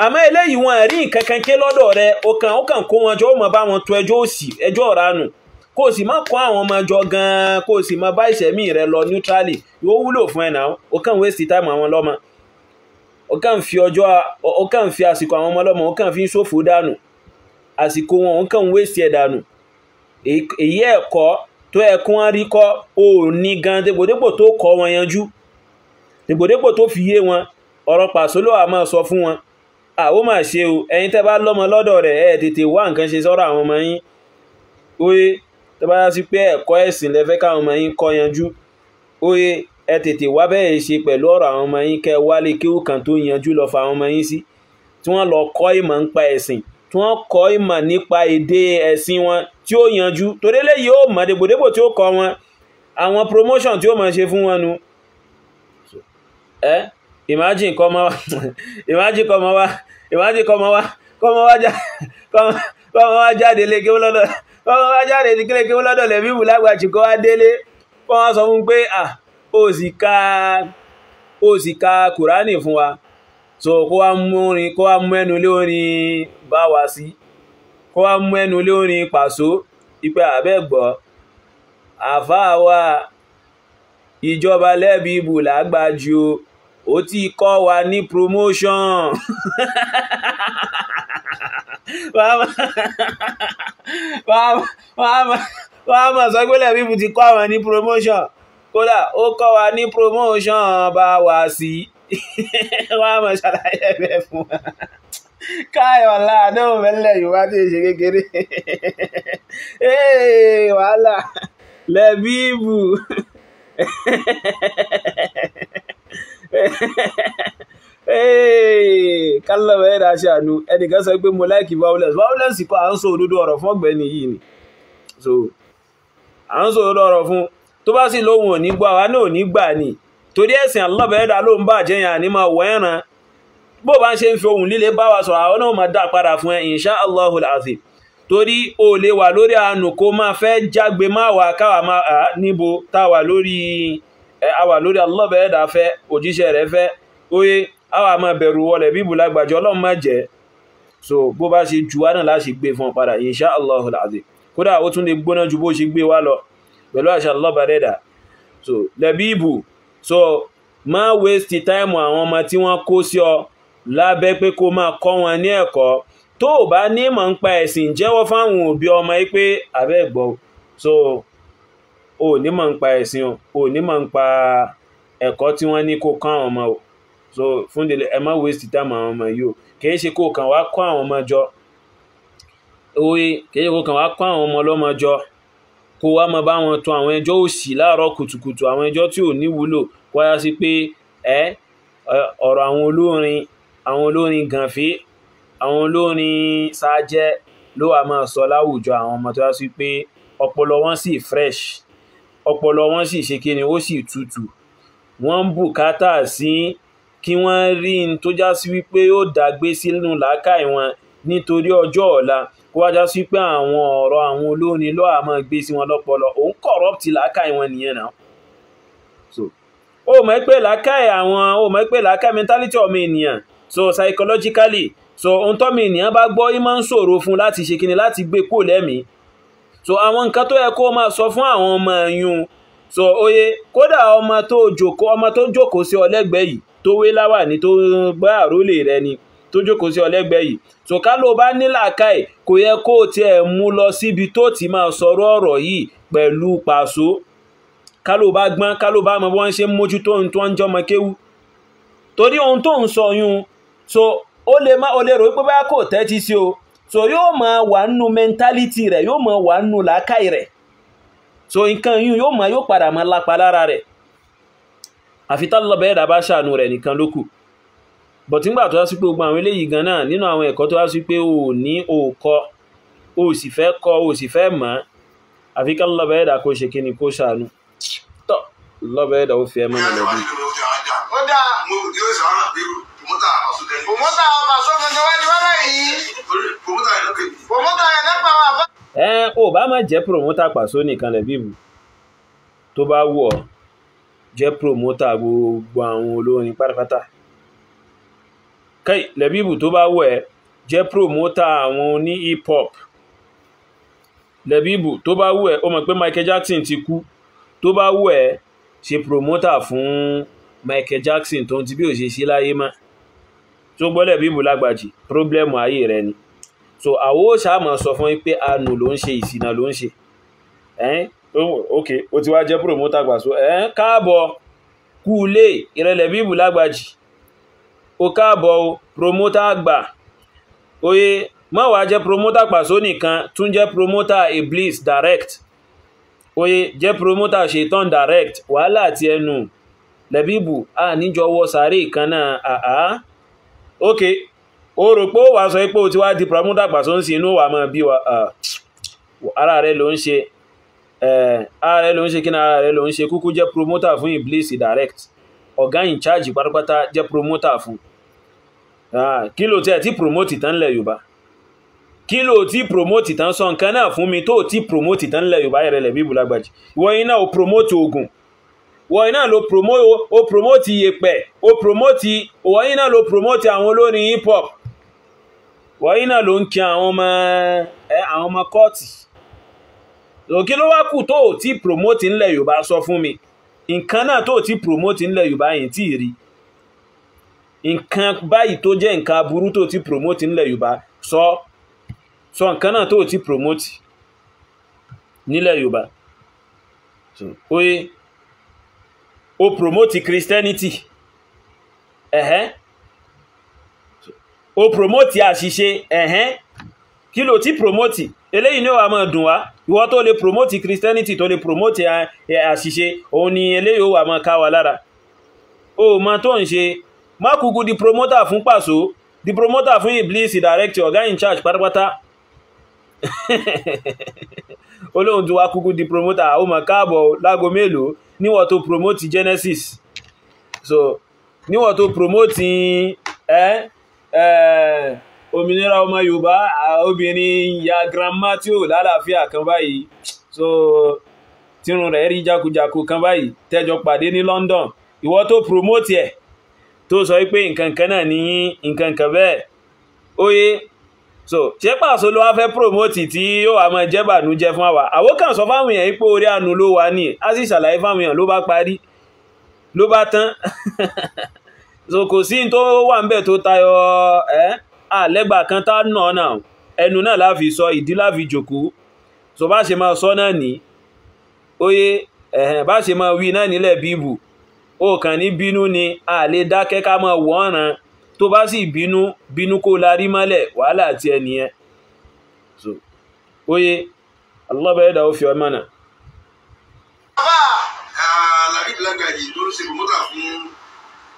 àmọ́ eléyìí wọn nǹkan ké lọ́dọ̀ rẹ ó kàn ó kàn kó wọn jọ ó bá wọn tó ẹjọ́ òsì ẹjọ́ o sì má kọ́ àwọn ọmọ jọ gan kó o sì má bá rẹ lọ neutrally ọmọ lọ́mọ ó àsìkò wọn òun kàn ń wéṣì ẹ̀ dànù èyí ẹ̀kọ́ tó ẹ̀kún rí kọ́ ò ní gan dèbòdèbò tó kọ́ wọn yanjú dèbòdèbò tó fi yé wọn ọ̀rọ̀ pàṣẹ ló wà máa sọ fún wọn àwọn máa ṣe o ẹ̀yin tẹ́ bá lọ́mọ lọ́dọ̀ rẹ̀ ẹ̀ tètè wá nǹkan ṣe sọ́rọ̀ àwọn ọmọ yín oye tó bá yá sí pé ẹ̀kọ́ ẹ̀sìn lẹ́fẹ́ káwọn ọmọ yín kọ́ yanjú oye ẹ tètè wá bẹ́ẹ̀ ṣe pẹ̀lú ọ̀rọ̀ àwọn ọmọ yín kẹ́ wálé kéwù kan tó yanjú lọ fa àwọn ọmọ yín sí tí wọ́n lọ kọ́ ìmọ̀ ń pa ẹ̀sìn wọ́n kọ́ ìmọ̀ nípa èdè ẹ̀sìn wọn tí ó yanjú torí eléyìí ó mọ̀ dègbòdègbò tí ó kọ́ wọn àwọn promotion tí ó máa ṣe fún wọn nu ẹ́ imagine kọ́ mọ́ wá imagine kọ́ mọ́ wá imagine kọ́ mọ́ wá kọ́ mọ́ wá já kọ́ mọ́ wá jáde lé kí ó lọ́dọ̀ kọ́ mọ́ wá jáde lé kí ó lọ́dọ̀ lẹ́bí wù lágbàjì kọ́ wá délé kọ́ wọ́n sọ fún pé ah ó sì ka ó kùránì fún wa so kó wá mú orin kó wá mú ẹnu lé orin bá wa sí kó wá mú ẹnu lé orin pàṣọ ipe àbẹ́gbọ́ àfáà wa ìjọba lẹ́bi ibù lágbájú ó ti kọ́ wa ní promotion wọ́n á mọ̀ sọ pé lẹ́bi ibù ti kọ́ wa ní promotion kódà ó kọ́ wa ní promotion bá wa sí i wọ́n á mọ̀ ṣàlàyé ẹ̀bẹ̀ fún wa káyọ̀ ọ̀la àdéhùn mẹ́lẹ̀ yorùbá tí ṣe kékeré wàhálà lẹ́bíìbù kálọ̀ bẹ́ẹ̀ dá ṣàánú ẹnìkan sọ pé mo láìkí violence violence kọ́ à ń sọ òdodo ọ̀rọ̀ fún ọ̀gbẹ́ni yìí ni à ń sọ òdodo ọ̀rọ̀ fún tó bá sì lóhùn ò ní gbọ́ àwa náà ò ní gbà ni. torí ẹ̀sìn alábẹ̀ẹ́dà ló ń bà jẹ́ yàn ní máa wọ́ ẹ̀ràn bó bá ń ṣe ń ohun líle bá wa sọ̀rọ̀ àwọn náà máa dá padà fún ẹ insha Allahu azim torí o lè wà lórí àánú kó máa fẹ́ jágbe máa wà káwà máa níbo táwà lórí àwà lórí alábẹ̀ẹ́dà fẹ́ òjíṣẹ́ fẹ́ oye àwà máa bẹ̀rù wọlẹ̀ bíbù lágbàjọ́ ọlọ́run má jẹ́ so bó bá ṣe jù so má waste time àwọn ọmọ tí wọ́n kó sí ọ lábẹ́ pé kó máa kọ́ wọn ní ẹ̀kọ́ tó o bá ní mọ̀ ń pa ẹ̀sìn jẹ́wọ́ fáwọn òbí ọmọ yìí pé abẹ́ gbọ́ so o ní mọ̀ ń pa ẹ̀sìn o o ní mọ̀ ń pa ẹ̀kọ́ tí wọ́n ní kó kọ́ àwọn ọmọ o so fún délé ẹ má waste time àwọn ọmọ yìí o kìí ṣe kó kàn wá kọ́ àwọn ọmọ jọ òye kìí ṣe kó kàn wá kọ́ àwọn ọmọ lọ́mọ jọ kó wá máa bá wọn tún àwọn ẹjọ́ òsì láàárọ̀ kùtùkùtù àwọn ẹjọ́ tí ò ní wúlò kó wá sí pé ẹ ọ̀rọ̀ àwọn olórin àwọn olórin gànfẹ́ àwọn olórin sáájẹ́ ló wà máa sọ láwùjọ àwọn ọmọ tó wá sí pé ọpọlọ wọn sì fresh ọpọlọ wọn sì ṣe kí ni ó sì tutù wọ́n ń bùkátà sí kí wọ́n rí n tó já sí wípé ó dàgbé sínú làákàì wọn nítorí ọjọ́ ọ̀la kó wájá sí pé àwọn ọ̀rọ̀ àwọn olórin ló àmọ́ gbé sí wọn lọ́pọlọ òun corrupt làákàyè wọn nìyẹn náà so ó mọ̀ pé làákàyè àwọn ó mọ̀ pé làákàyè mentality ọmọ ènìyàn so psychologically so ohun tọ́mọ ènìyàn bá gbọ́ yìí máa ń ṣòro fún láti ṣe kíni láti gbé kó lẹ́mìí so àwọn nǹkan tó yẹ kó máa sọ fún àwọn ọmọ yun so oye kódà ọmọ tó jókòó ọmọ tó jókòó sí ọlẹ́gbẹ̀ẹ́ yìí tó wé láwà ní tó gbá àrólè rẹ ni tó jókòó sí ọlẹ́gbẹ̀ẹ́ yìí so ká ló bá ní làákàyè kò yẹ kó o tiẹ̀ mú lọ síbi tó ti máa sọ̀rọ̀ ọ̀rọ̀ yìí pẹ̀lú pàṣọ ká ló bá gbọ́n ká ló bá mọ bí wọ́n ṣe ń mójútó ohun tó ń jọmọ kéwú torí ohun tó ń sọ yún so ó lè má ó lè rò pé bá kò tẹ́tí sí o so yóò máa wà nínú mẹ́ńtálítì rẹ̀ yóò máa wà nínú làákàyè rẹ̀ so nǹkan yún yóò máa yóò padà máa lápa lára rẹ̀ àfi tá lọ́bẹ̀ẹ́ dàbá ṣàánú rẹ̀ nìkan lókù bọ̀ tí ń gbà tó wá sí pé gbogbo àwọn eléyìí gan náà nínú àwọn ẹ̀kọ́ tó wá sí pé o ní o kọ o sì fẹ́ kọ o sì fẹ́ mọ̀ àfi ká lọ́bẹ̀ ẹ̀dà kó ṣe kíni kó ṣàánú tọ́ lọ́bẹ̀ ẹ̀dà ó fi ẹ̀ mọ́nà lọ́bí. ó ẹ ò bá má jẹ́ pòmọ́tà pàṣọ nìkan lẹ́bí bù tó bá wù ọ́ jẹ́ pòmọ́tà gbogbo àwọn olórin pátápátá kai Lẹ́bíbù tó bá wẹ̀ jẹ́ promota àwọn oní hip hop Lẹ́bíbù tó bá wẹ̀ ó mọ̀ pé Michael Jackson ti kú tó bá wẹ̀ ṣe promota fún Michael Jackson tó ń ti bí ò ṣe ṣe láyé mọ́ tó gbọ́ Lẹ́bíbù lágbàjì pírọ́blẹ́mù ayé rẹ ni so àwọn òṣàmọ̀ sọ fún yín pé anù ló ń ṣe ìsìnà ló ń ṣe ẹ́n ok o ti wá jẹ́ promota gbà so ẹ́n káàbọ̀ kú lé ìrẹ̀lẹ̀ bíbù lágbàjì o káàbọ̀ o promota àgbà oye má wá jẹ́ promota pàṣọ nìkan tún jẹ́ promota iblis direct oye jẹ́ promota ṣetán direct wàhálà àti ẹnu lẹ́bíbù a níjọ wọ sàárè kan náà àá ok o rò pé ó wàá sọ pé o ti wá di promota pàṣọ ń sin inú wa bí ara rẹ ló ń ṣe ara rẹ ló ń ṣe kí ara rẹ ló ń ṣe kúkú jẹ́ promota fún iblis direct ọ̀gá in charge pátápátá jẹ́ promoter fún kí ló tẹ́ ti promote tán lẹ̀ yorùbá kí ló ti promote tán sọ nǹkan náà fún mi tó ti promote tán lẹ̀ yorùbá yẹrẹ lẹ̀bí ìbúlágbàjì wọ́n náà o promote oògùn wọ́n náà lo promote o promote yẹ̀pẹ̀ o promote wọ́n náà lo promote àwọn olórin hip hop wọ́n náà ló ń kí àwọn ọmọ ẹ àwọn ọmọ kọ́ọ̀tì òkè ló wá kù tó ti promote ńlẹ̀ yorùbá sọ fún mi nǹkan náà tó ti promote ńlẹ̀ yorùbá yẹn tí ì rí nǹkan báyìí tó jẹ́ nǹkan aburú tó ti promote ńlẹ̀ yorùbá sọ sọ nǹkan náà tó ti promote nílẹ̀ yorùbá oye o promote christianity ẹ̀hẹ́n o promote àṣìṣe ẹ̀hẹ́n kí ló ti promote eléyìí ni ó wà máa dùn wá ìwọ tó lè promote Christianity tó lè promote eh, eh, àṣìṣe òun ni eléyìí ó wà máa ká wa lára o mọ tó ń ṣe má kúkú di promoter fún pàṣọ di promoter fún iblis director ọ̀gá in charge pátápátá olóhùn tó wá kúkú di promoter ó mà káàbọ̀ lágo mélòó níwọ̀ tó promote Genesis so níwọ̀ tó promote ẹ́ eh, eh, òmìnira ọmọ yorùbá obìnrin ya grandma tí ò lálàáfíà kan báyìí so tírun rẹ̀ rí jákujàku kan báyìí tẹ́jọ pàdé ní London ìwọ tó promote ẹ̀ tó sọ pé nǹkan kan náà ní nǹkan kan bẹ́ẹ̀ oye so ṣé pàṣẹ ló wá fẹ́ promote tí yóò wá máa jẹ́ bànújẹ́ fún àwa àwọn kan sọ fáwọn èèyàn pé orí àánú ló wà ní a sì ṣàlàyé fáwọn èèyàn ló bá parí ló bá tán so kò sí tó wà ń bẹ̀ tó tayọ ẹ́ eh? àlẹ́gbà kan tá nà ọ́ náà ẹnu náà láfi sọ ìdí láfi jòkó so bá ṣe máa sọ náà ní oyé ẹ̀hẹ̀n bá ṣe máa wí náà nílẹ̀ bíbù ó kàn ní bínú ni a lè dákẹ́ ká máa wọ́nran tó bá sì bínú bínú kó larí mọ́lẹ̀ wàhálà àti ẹnìyẹn so oyé alọ́bẹ̀ẹ́dà ó fi ọmọ náà. Àlàbí ìlàgàjì ló ń ṣe mọ́tà fún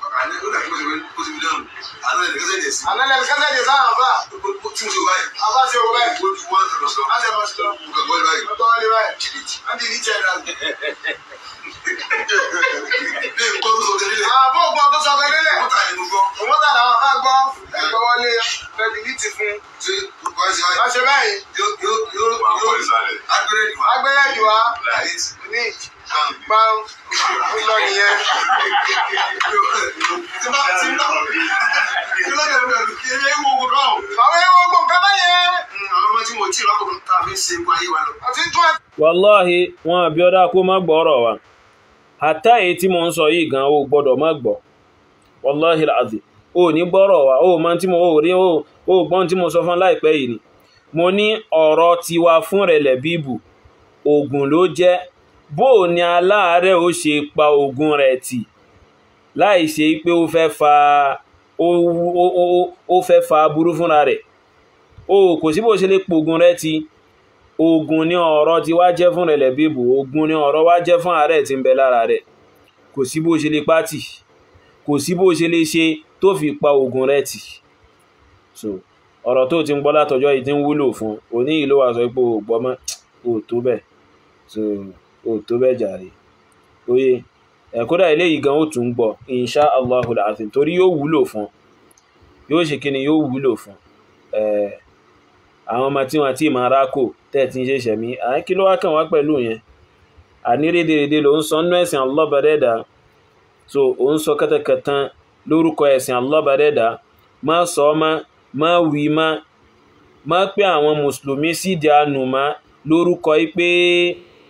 ọ̀kà ní ó dàbí bó ṣe dáhùn àná ẹ̀dẹ̀kẹ́sẹ̀ dẹ̀ sí. àná ẹ̀dẹ̀kẹ́sẹ̀ dẹ̀ sáà àbá. ó tún ti báyìí. àbá ti o báyìí. ó ti wọ́n ti lọ sọ. á ti lọ sí lọ. ó kà gbọ́dọ̀ báyìí. ó tọ́ wálé báyìí. jìbìtì. á ti rí jẹ́ra. ní nǹkan tó sọ kẹ́lẹ́lẹ̀. àbó gbọ́ bá ń lọ nìyẹn tí bá ti lọ tí lọ dẹ̀ lọ kí ẹ wo ogun náà. àwọn ewu ogun nǹkan bá yẹ. àwọn ọmọ tí mo tí lọkùnrin ta fi ṣe egun ayé wa lọ. àti tún ẹ. wàláhì mo ń sọ yìí gan o gbọ́dọ̀ má gbọ́ wàláhì làzì o ní gbọ́rọ̀ wa o mọ tí mo ò rí o gbọ́n tí mo sọ fún láìpẹ́ yìí ni mo ní ọ̀rọ̀ tiwa fún rẹ̀ lẹ̀ bíbù ògùn ló jẹ́ bó o ní aláàárẹ̀ ó ṣe pa oògùn rẹ̀ tì láì ṣe pé ó fẹ́ fa ó fẹ́ fa aburú fúnra rẹ̀ o kò sí bó ṣe lè pògùn rẹ̀ tì oògùn ni ọ̀rọ̀ ti wá jẹ́ fún rẹ̀ lẹ́bíbù oògùn ni ọ̀rọ̀ wá jẹ́ fún àárẹ̀ tí ń bẹ lára rẹ̀ kò sí bó ṣe lè pátì kò sí bó ṣe lè ṣe tó fi pa oògùn rẹ̀ tì so ọ̀rọ̀ tó ti ń gbọ́ látọjọ́ yìí ti ń wúlò fún oníyìí ló wà sọ pé o gbọ́ mọ́ o tó bẹ́ẹ̀ so. ò tó bẹ́ẹ̀ jàre oye ẹ̀kọ́dà eléyìí gan ó tún ń gbọ́ insha allahu alazim torí yóò wúlò fún yóò ṣe kí ni yóò wúlò fún àwọn ọmọ tí wọn kò ti ń ṣe kí ló wá kàn wá pẹ̀lú yẹn ànírédèrèdè ló ń sọ nínú ẹ̀sìn so ó sọ lórúkọ ẹ̀sìn alọ́bàdẹ́dà má sọ má má wí má má pé àwọn mùsùlùmí sídìí lórúkọ yìí pé.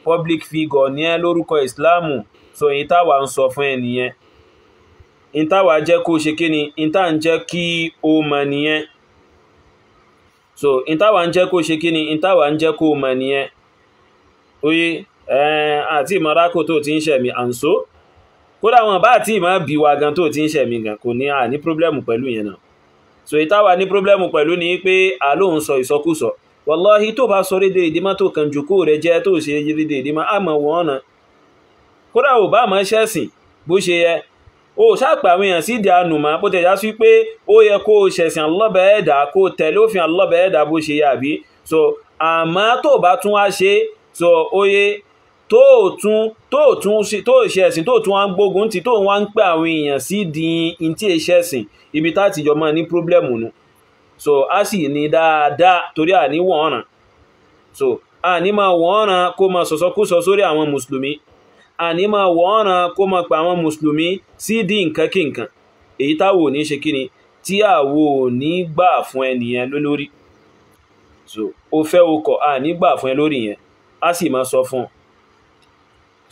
public figure ní ẹ lórúkọ ìsìláàmù so èyí táwa ń sọ fún ẹ nìyẹn ìtawà jẹ́ kó ṣe kí ni ìta ń jẹ́ kí o mọ̀ nìyẹn so ìtawà ń jẹ́ kó ṣe kí ni ìtawà ń jẹ́ kó mọ̀ nìyẹn oye àti ìmọ̀rákò tó ti ń ṣẹ̀mí àǹsó kódà wọn bá àti ìmọ̀ bí wa gan tó ti ń ṣẹ̀mí gan kò ní à ní pẹ̀lú yẹn náà so ìtawà ní pírọ́blẹ́mù pẹ̀lú ni pé àlóhùn sọ ìsọkúsọ so, wàláhí tó bá sọrí dèrèdè má tó kàn jòkó rẹ jẹ tó ṣe dèrèdè má àmọ́ wọn ọ̀nà kódà ò bá àmọ́ ṣẹ̀sìn bó ṣe yẹ o ṣàpà àwọn èèyàn sí ìdí ànùmá bó tẹ̀yà sí pé ó yẹ kó ṣẹ̀sìn alọ́bẹ̀ẹ́dà kó tẹ̀lé òfin alọ́bẹ̀ẹ́dà bó ṣe yẹ àbí so àmọ́ tó bá tún wá ṣe so oye tó tún tó tún tó ṣẹ̀sìn tó tún wá ń gbógun ti tó wá ń pè àwọn èèyàn sí ìdí ìntí ìṣẹ̀sìn ibi tá so a sì ní dáadáa torí àní wọ̀n ọ̀ràn so àní máa wọ̀n ọ̀ràn kó máa sọ̀sọ́kúsọ sórí àwọn mùsùlùmí àní máa wọ̀n ọ̀ràn kó máa pa àwọn mùsùlùmí sí di nǹkan kí nǹkan èyí táwo ní ṣe kíni tí àwo ní gbà fún ẹnìyẹn lólórí so o fẹ́ o kọ̀ àní gbà fún ẹ lórí yẹn a sì máa sọ fún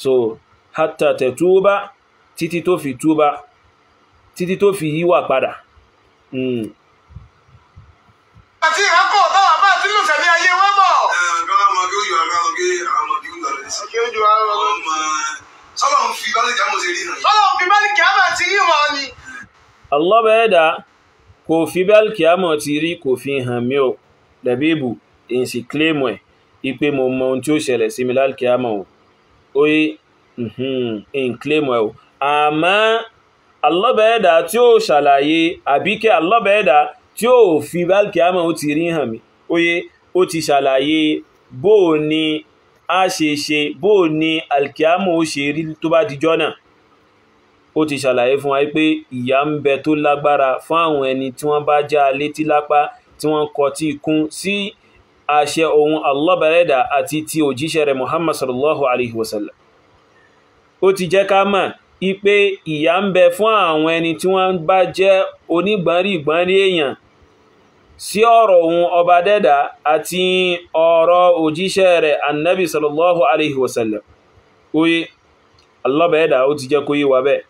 so hatta tẹ̀túbá títí tó fi túbá títí tó fi yíwà padà hmm àti ìrákọ̀ táwọn àbá àti lùsẹ̀ ní ayé wọn bọ̀. Ọlọ́run fi bẹ́ẹ̀lì kíámọ̀ ti rí wọn ni. Allọ́bẹ̀ẹ́dà kò fi bẹ́ẹ̀lì kíámọ̀ ti rí kò fi hàn mí o. Dàbíbù, èyí sì ẹ̀ ipe mo mọ ohun tí ó ṣẹlẹ̀ sí mi lálùkìyàmọ̀ o ó yé ǹklémù mhm, ẹ̀ o àmọ́ alọ́bẹ̀ẹ́dà tí ó ṣàlàyé àbíkẹ́ alọ́bẹ̀ẹ́dà tí ó fi bálkìámọ̀ ó ti rí hàn mí óyé ó ti ṣàlàyé bó ni a ṣe ṣe bó ni alkìámọ̀ ó ṣe rí tó bá dijọ́ náà ó ti ṣàlàyé fún wa pé ìyà ń bẹ tó lágbára fún àwọn ẹni tí wọ́n bá já létí lápá tí wọ́n kọ tí ikún sí àṣẹ ohun Allah àti ti òjíṣẹ́ rẹ̀ Muhammad sallallahu alaihi wasallam ó ti jẹ́ ká mọ̀ ipe ìyà ń bẹ fún àwọn ẹni tí wọ́n bá jẹ́ onígbọ̀nrí èèyàn sí ọ̀rọ̀ ohun ọba dẹ́dà àti ọ̀rọ̀ òjíṣẹ́ rẹ̀ annabi sallallahu alaihi wasallam oye allọ́bẹ̀ẹ́dà ó ti jẹ́ kó yí wa bẹ́ẹ̀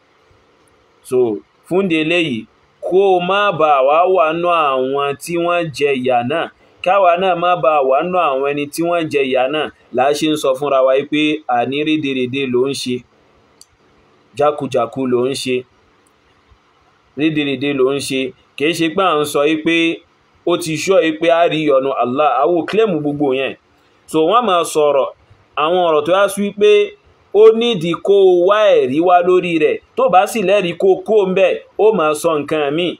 so fúnde léyìí kó má bà wá wà nú àwọn tí wọ́n jẹ ìyà náà káwa náà má bà wà nú àwọn ẹni tí wọ́n jẹ ìyà náà láṣẹ ń sọ fúnra wa pé ànírédèrèdè ló ń ṣe jákujàku ló ń ṣe rédèrèdè ló ń ṣe kì í ṣe pé à ń sọ pé ó ti ṣọ́ pé a rí ọ̀nà Allah àwọn kílẹ̀mù gbogbo yẹn so wọ́n máa sọ̀rọ̀ àwọn ọ̀rọ̀ tó yá sí wípé ó nídìí kó o wá ẹ̀rí wá lórí rẹ̀ tó bá sì lẹ́rìí kó kó ń bẹ̀ ó máa sọ nǹkan míì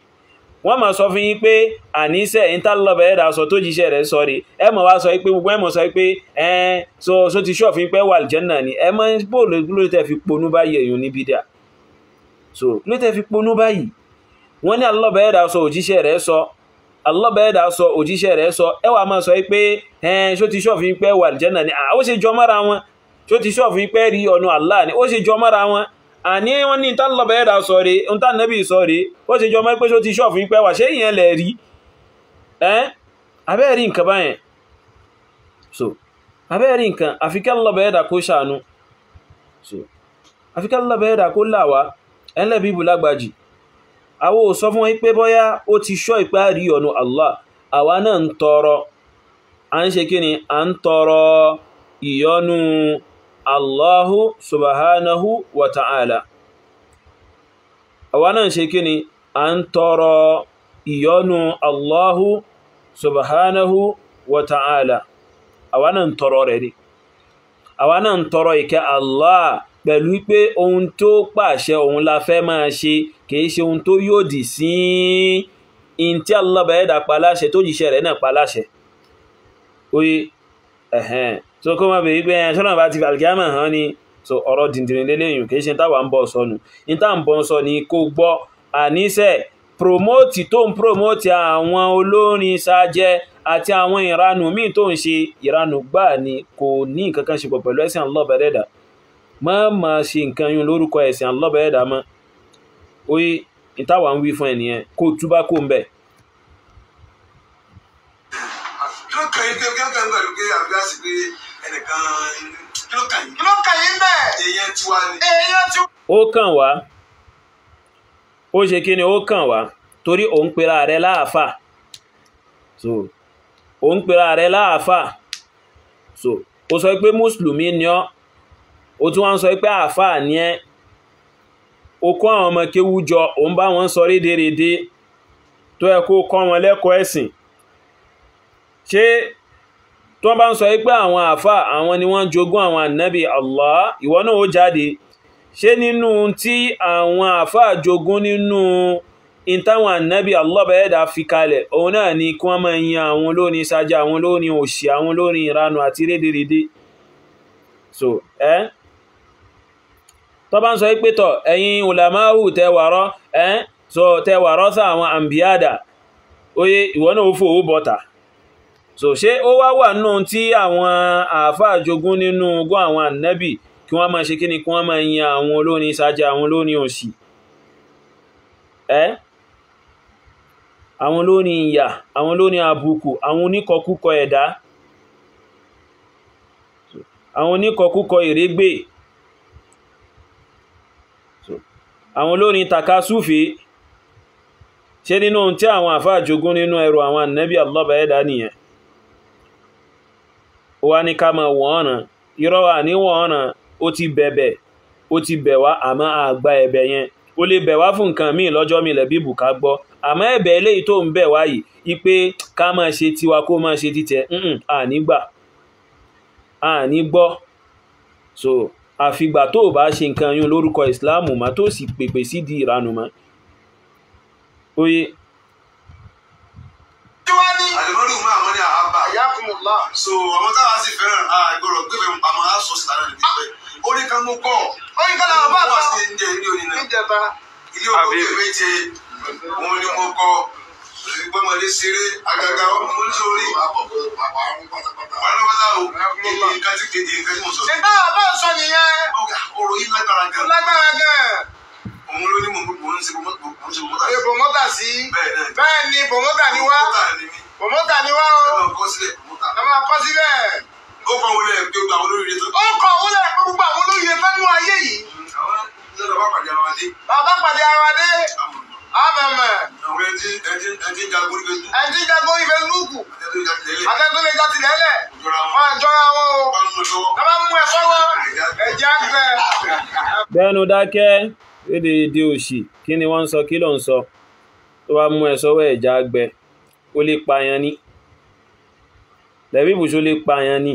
wọ́n máa sọ fún yín pé àníṣe ìtàlọ́bẹ̀ ẹ̀dá sọ tó jíṣẹ́ rẹ̀ sọ rí ẹ mọ̀ wá sọ pé gbogbo ẹ mọ̀ sọ pé ẹn so so ti ṣọ́ọ̀fin pé wà lìjẹ́nà ni ẹ mọ̀ bóòlù ló tẹ̀ fi ponú báyìí èèyàn níbi dà so ló tẹ̀ fi ponú báyìí wọ́n ní àlọ́bẹ̀ ẹ̀dá sọ òjíṣẹ́ rẹ̀ sọ Allah bẹ́ẹ̀ dà sọ òjíṣẹ́ rẹ̀ sọ ẹ wà máa sọ pé ẹn ṣó ti ṣọ́ọ̀fin pẹ́ wà àlùjánnà ni ah, ó ṣe jọ mọ́ra wọn ṣó ti ṣọ́ọ̀fin pẹ́ rí ọ̀nà Allah ni ó ṣe jọ mọ́ra wọn àní wọn ní ìtàn Allah bẹ́ẹ̀ dà sọ rè ń tàn nẹ́bì sọ rè ó ṣe jọ mọ́ pé ṣó ti ṣọ́ọ̀fin pẹ́ wà ṣé ìyẹn lẹ̀ rí ẹ́n abẹ́ẹ̀ rí nǹkan báyẹn so abẹ́ẹ̀ nǹkan àfikẹ́ kó ṣàánú so àfikẹ́ kó là wá ẹ̀ńlẹ̀ àwọn ò sọ fún wọn pé bọ́yá ó ti ṣọ́ ìpá rí ọ̀nà Allah àwa náà ń tọrọ à ń ṣe kí ni à ń tọrọ ìyọ́nú Allahu subhanahu wa ta'ala àwa náà ń ṣe kí ni à ń tọrọ ìyọ́nú Allahu subhanahu wa ta'ala àwa náà ń tọrọ rẹ̀ ni àwa náà ń tọrọ ìkẹ́ Allah pẹ̀lú pé ohun tó pàṣẹ òun la fẹ́ máa ṣe kìí ṣe ohun tó yòdì sí in tí Allah bá ẹ̀dà paláṣẹ tó jíṣẹ́ rẹ̀ náà paláṣẹ oye ẹ̀hẹ́n so kó má bèé pé ṣọ́nà bá ti fàlìkíámà hàn ni so ọ̀rọ̀ dìndìnrín lélẹ́yìn kìí ṣe táwa ń bọ̀ sọnù ní à ń bọ̀ sọ ni kó gbọ́ àníṣe promote tó ń promote àwọn olórin ṣáájẹ́ àti àwọn ìranù míì tó ń ṣe ìranù gbáà ni kò ní nǹkan kan ṣe pọ̀ pẹ̀lú ẹ̀sìn Allah má máa ṣe nǹkan yún lórúkọ ẹ̀sìn alọ́bẹ̀ẹ́dà mọ́ oye ìtawà ń wí fún ẹnìyẹn kó túbá kó ń bẹ̀. kí ló kàn yín pé kí ló kàn yín pẹ̀lú pé àbúrò àti pé ẹnìkan kí ló kàn yín. kí ló kàn yín bẹ́ẹ̀. èèyàn tiwa ni. èèyàn tiwa. ó kàn wá ó ṣe kí ni ó kàn wá torí òun pera rẹ̀ láàfà so òun pera rẹ̀ láàfà so ó sọ pé mùsùlùmí ni ọ́ ó tún wá ń sọ pé àáfàá ni ẹ́ ó àwọn ọmọ kéwú jọ òun bá wọn sọ rédèrèdè tó ẹ kó kọ́ wọn lẹ́kọ̀ọ́ ẹ̀sìn ṣé tó bá ń sọ pé àwọn àáfàá àwọn ni wọ́n jogún àwọn ànábì Allah ìwọ náà ó jáde ṣé nínú tí àwọn àáfàá jogún nínú ìtàwọn ànábì Allah bẹ̀ẹ́dà fi kalẹ̀ òun náà ni kí wọ́n máa yin àwọn lóní sájà àwọn lóní òṣì àwọn lóní ìranù àti rédèrèdè so eh? tó bá ń sọ pé tọ̀ ẹ̀yin ulamahu tẹwàrọ́ ẹ́ so tẹwàrọ́ sá àwọn àmbíyàdà oye ìwọ náà ó fòwó bọ́ta so ṣé ó wá wà nù tí àwọn àáfàá jogún nínú ogún àwọn ànábì kí wọ́n máa ṣe kí ni kí wọ́n máa yin àwọn olórin sájà àwọn olórin òsì ẹ́ àwọn olórin ìyà àwọn olórin àbùkù àwọn oníkọkúkọ ẹ̀dá àwọn oníkọkúkọ ìrégbè àwọn olórin taka súfè ṣe nínú tí àwọn àfáà jogún nínú ẹrù àwọn ànábì Allah ẹ̀dá nìyẹn ó wá ní ká máa wọ̀n ọ̀nà irọ́ wa níwọ̀n ọ̀nà ó ti bẹ̀bẹ̀ ó ti bẹ̀ wá àmọ́ àgbà ẹ̀bẹ̀ yẹn ó lè bẹ̀ wá fún nǹkan míì lọ́jọ́ mi lẹ̀ bíbù ká gbọ́ àmọ́ ẹ̀bẹ̀ eléyìí tó ń bẹ̀ yìí ipe ká máa ṣe tiwa kó máa ṣe títẹ̀ àní gbà àní gbọ́ so àfìgbà tó o bá ṣe nǹkan yún lórúkọ ìsìláàmù má tó sì pèpè sídìí ìranù mọ́ oye. so ọmọ táwa sì fẹ́ràn àgbọ̀rọ̀ gbẹ̀mẹ̀ pamọ́ aṣọ sílára níbi pẹ́ orí kan mú kọ́ orí kan làwọn bá lọ sí ilé oníná ilé olóògbé méje òun ni mo kọ́ lórí gbọ́mọdé ṣeré àgàgà ọmọ nítorí pátápátá o èyí nǹkan tí kejì nǹkan tí mo sọ. ṣe bá a bá a sọ nìyẹn. ọ̀rọ̀ yìí lágbára gan. lágbára gan. òun ló ní mo mo ń ṣe bòmọ́tà sí. bòmọ́tà sí. bẹ́ẹ̀ ni bòmọ́tà ni wá. bòmọ́tà ni wá o. ẹ máa kọ́ sílẹ̀. ó kọ̀ wọlé pé gbogbo àwọn olóyè tó. ó kọ̀ wọlé pé gbogbo àwọn olóyè fẹ́ mú ayé yìí. àwọn ìjọba pàdé ara wa dé. bàbá pàdé ara wa dé amẹmẹ. ìwé ẹjí ẹjí ẹjí jago ife lúkù. ẹjí jago ife lúkù. àtẹ̀tún lè já tilẹ̀ lẹ̀. máa jọra wọn o. kaba mú ẹ sọ́wọ́. ẹ̀jẹ̀ àgbẹ̀. bẹ́ẹ̀nu dákẹ́ èdè èdè òsì kí ni wọ́n ń sọ kí ló ń sọ tó bá mú ẹ sọ́wọ́ ẹ̀jẹ̀ ó lè pààyàn ni lẹ́bí ibùsùn lè pààyàn ni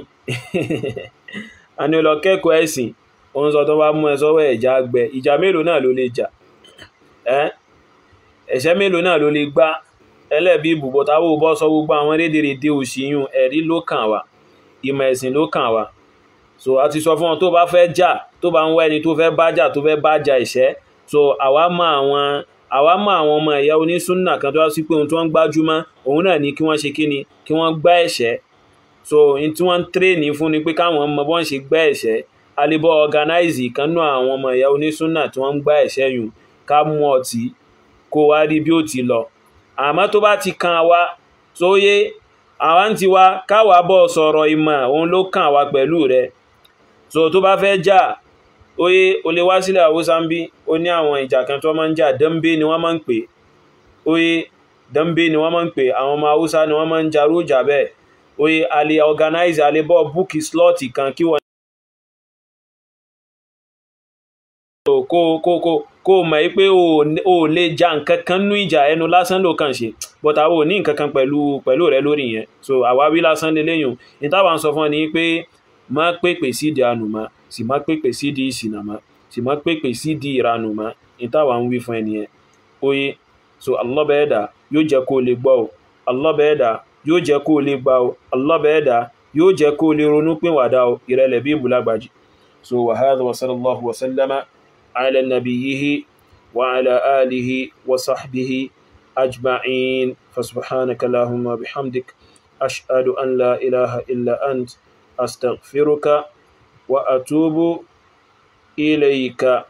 àní ó lọ ẹ̀sìn òun sọ tó bá mú ẹ sọ́wọ́ ẹ̀jẹ̀ ìjà mélòó náà ló lè jà ẹ́ ẹ̀ṣẹ̀ mélòó náà ló lè gbá ẹlẹ́bí ìbùbọ̀ táwọ́ ò bọ́ sọ gbogbo àwọn rédèrèdè òṣìyún ẹ̀rí ló kàn wá ìmọ̀ ẹ̀sìn ló kàn wá so a ti sọ fún ọ tó bá fẹ́ jà tó bá ń wá ẹni tó fẹ́ bá jà tó fẹ́ bá jà ìṣẹ́ so àwa mọ àwọn àwa mọ àwọn ọmọ ẹ̀yà onísúnnà kan tó wá sí pé ohun tí wọ́n ń gbájúmọ́ òun náà ni kí wọ́n ṣe kí ni kí wọ́n gbá ẹ̀ṣẹ́ so ohun tí wọ́n ń tréènì fún ni pé káwọn ọmọ bọ́n ṣe gbá ẹ̀ṣẹ́ alébọ́ ọ̀gánáìzì kan náà àwọn ọmọ ẹ̀yà onísúnnà tí wọ́n ń gbá ẹ̀ṣẹ́ yùn ká mú ọtí kó wá rí bí ó ti lọ àmọ́ tó bá ti kan wa tó yé àwa ń tiwa káwa bọ́ sọ̀rọ̀ ìmọ̀ òun ló kàn wá pẹ̀lú rẹ̀ so tó bá fẹ́ jà oye o wá sílẹ̀ Haúsá ń bí ó ní àwọn ìjà kan tó máa ń jà dẹ́mbé ni wọ́n máa ń pè oye dẹ́mbé ni wọ́n máa ń pè àwọn ọmọ Haúsá ni wọ́n máa ń jarú ìjà bẹ́ẹ̀ oye a lè organize a lè bọ́ búùkì slọ́ọ̀tì kan kí wọ́n so kó kó kó kó mọ̀ yí pé o lè ja nǹkan kan nú ìjà ẹnu lásán ló kàn ṣe but àwọn ò ní nǹkan kan pẹ̀lú pẹ̀lú rẹ lórí yẹn so àwáwí lásán lélẹ́yìn ní táwọn sọ fún ọ ni pé má pèpè sí di ànùmá sì má pèpè sí di ìsìnàmá sì má pèpè sí di ìranùmá ní táwọn ń wí fún ẹni yẹn oye so Allah bẹ́ẹ̀ dà yóò jẹ́ kó o lè gbọ́ o Allah bẹ́ẹ̀ dà yóò jẹ́ kó o lè gbà o Allah bẹ́ẹ̀ dà yóò jẹ́ kó o lè ronú pínwàdà o ìrẹ̀lẹ̀ bí ìbúlágbàjì so wàhálà wa sallallahu sallama على نبيه وعلى آله وصحبه أجمعين فسبحانك اللهم بحمدك أشهد أن لا إله إلا أنت أستغفرك وأتوب إليك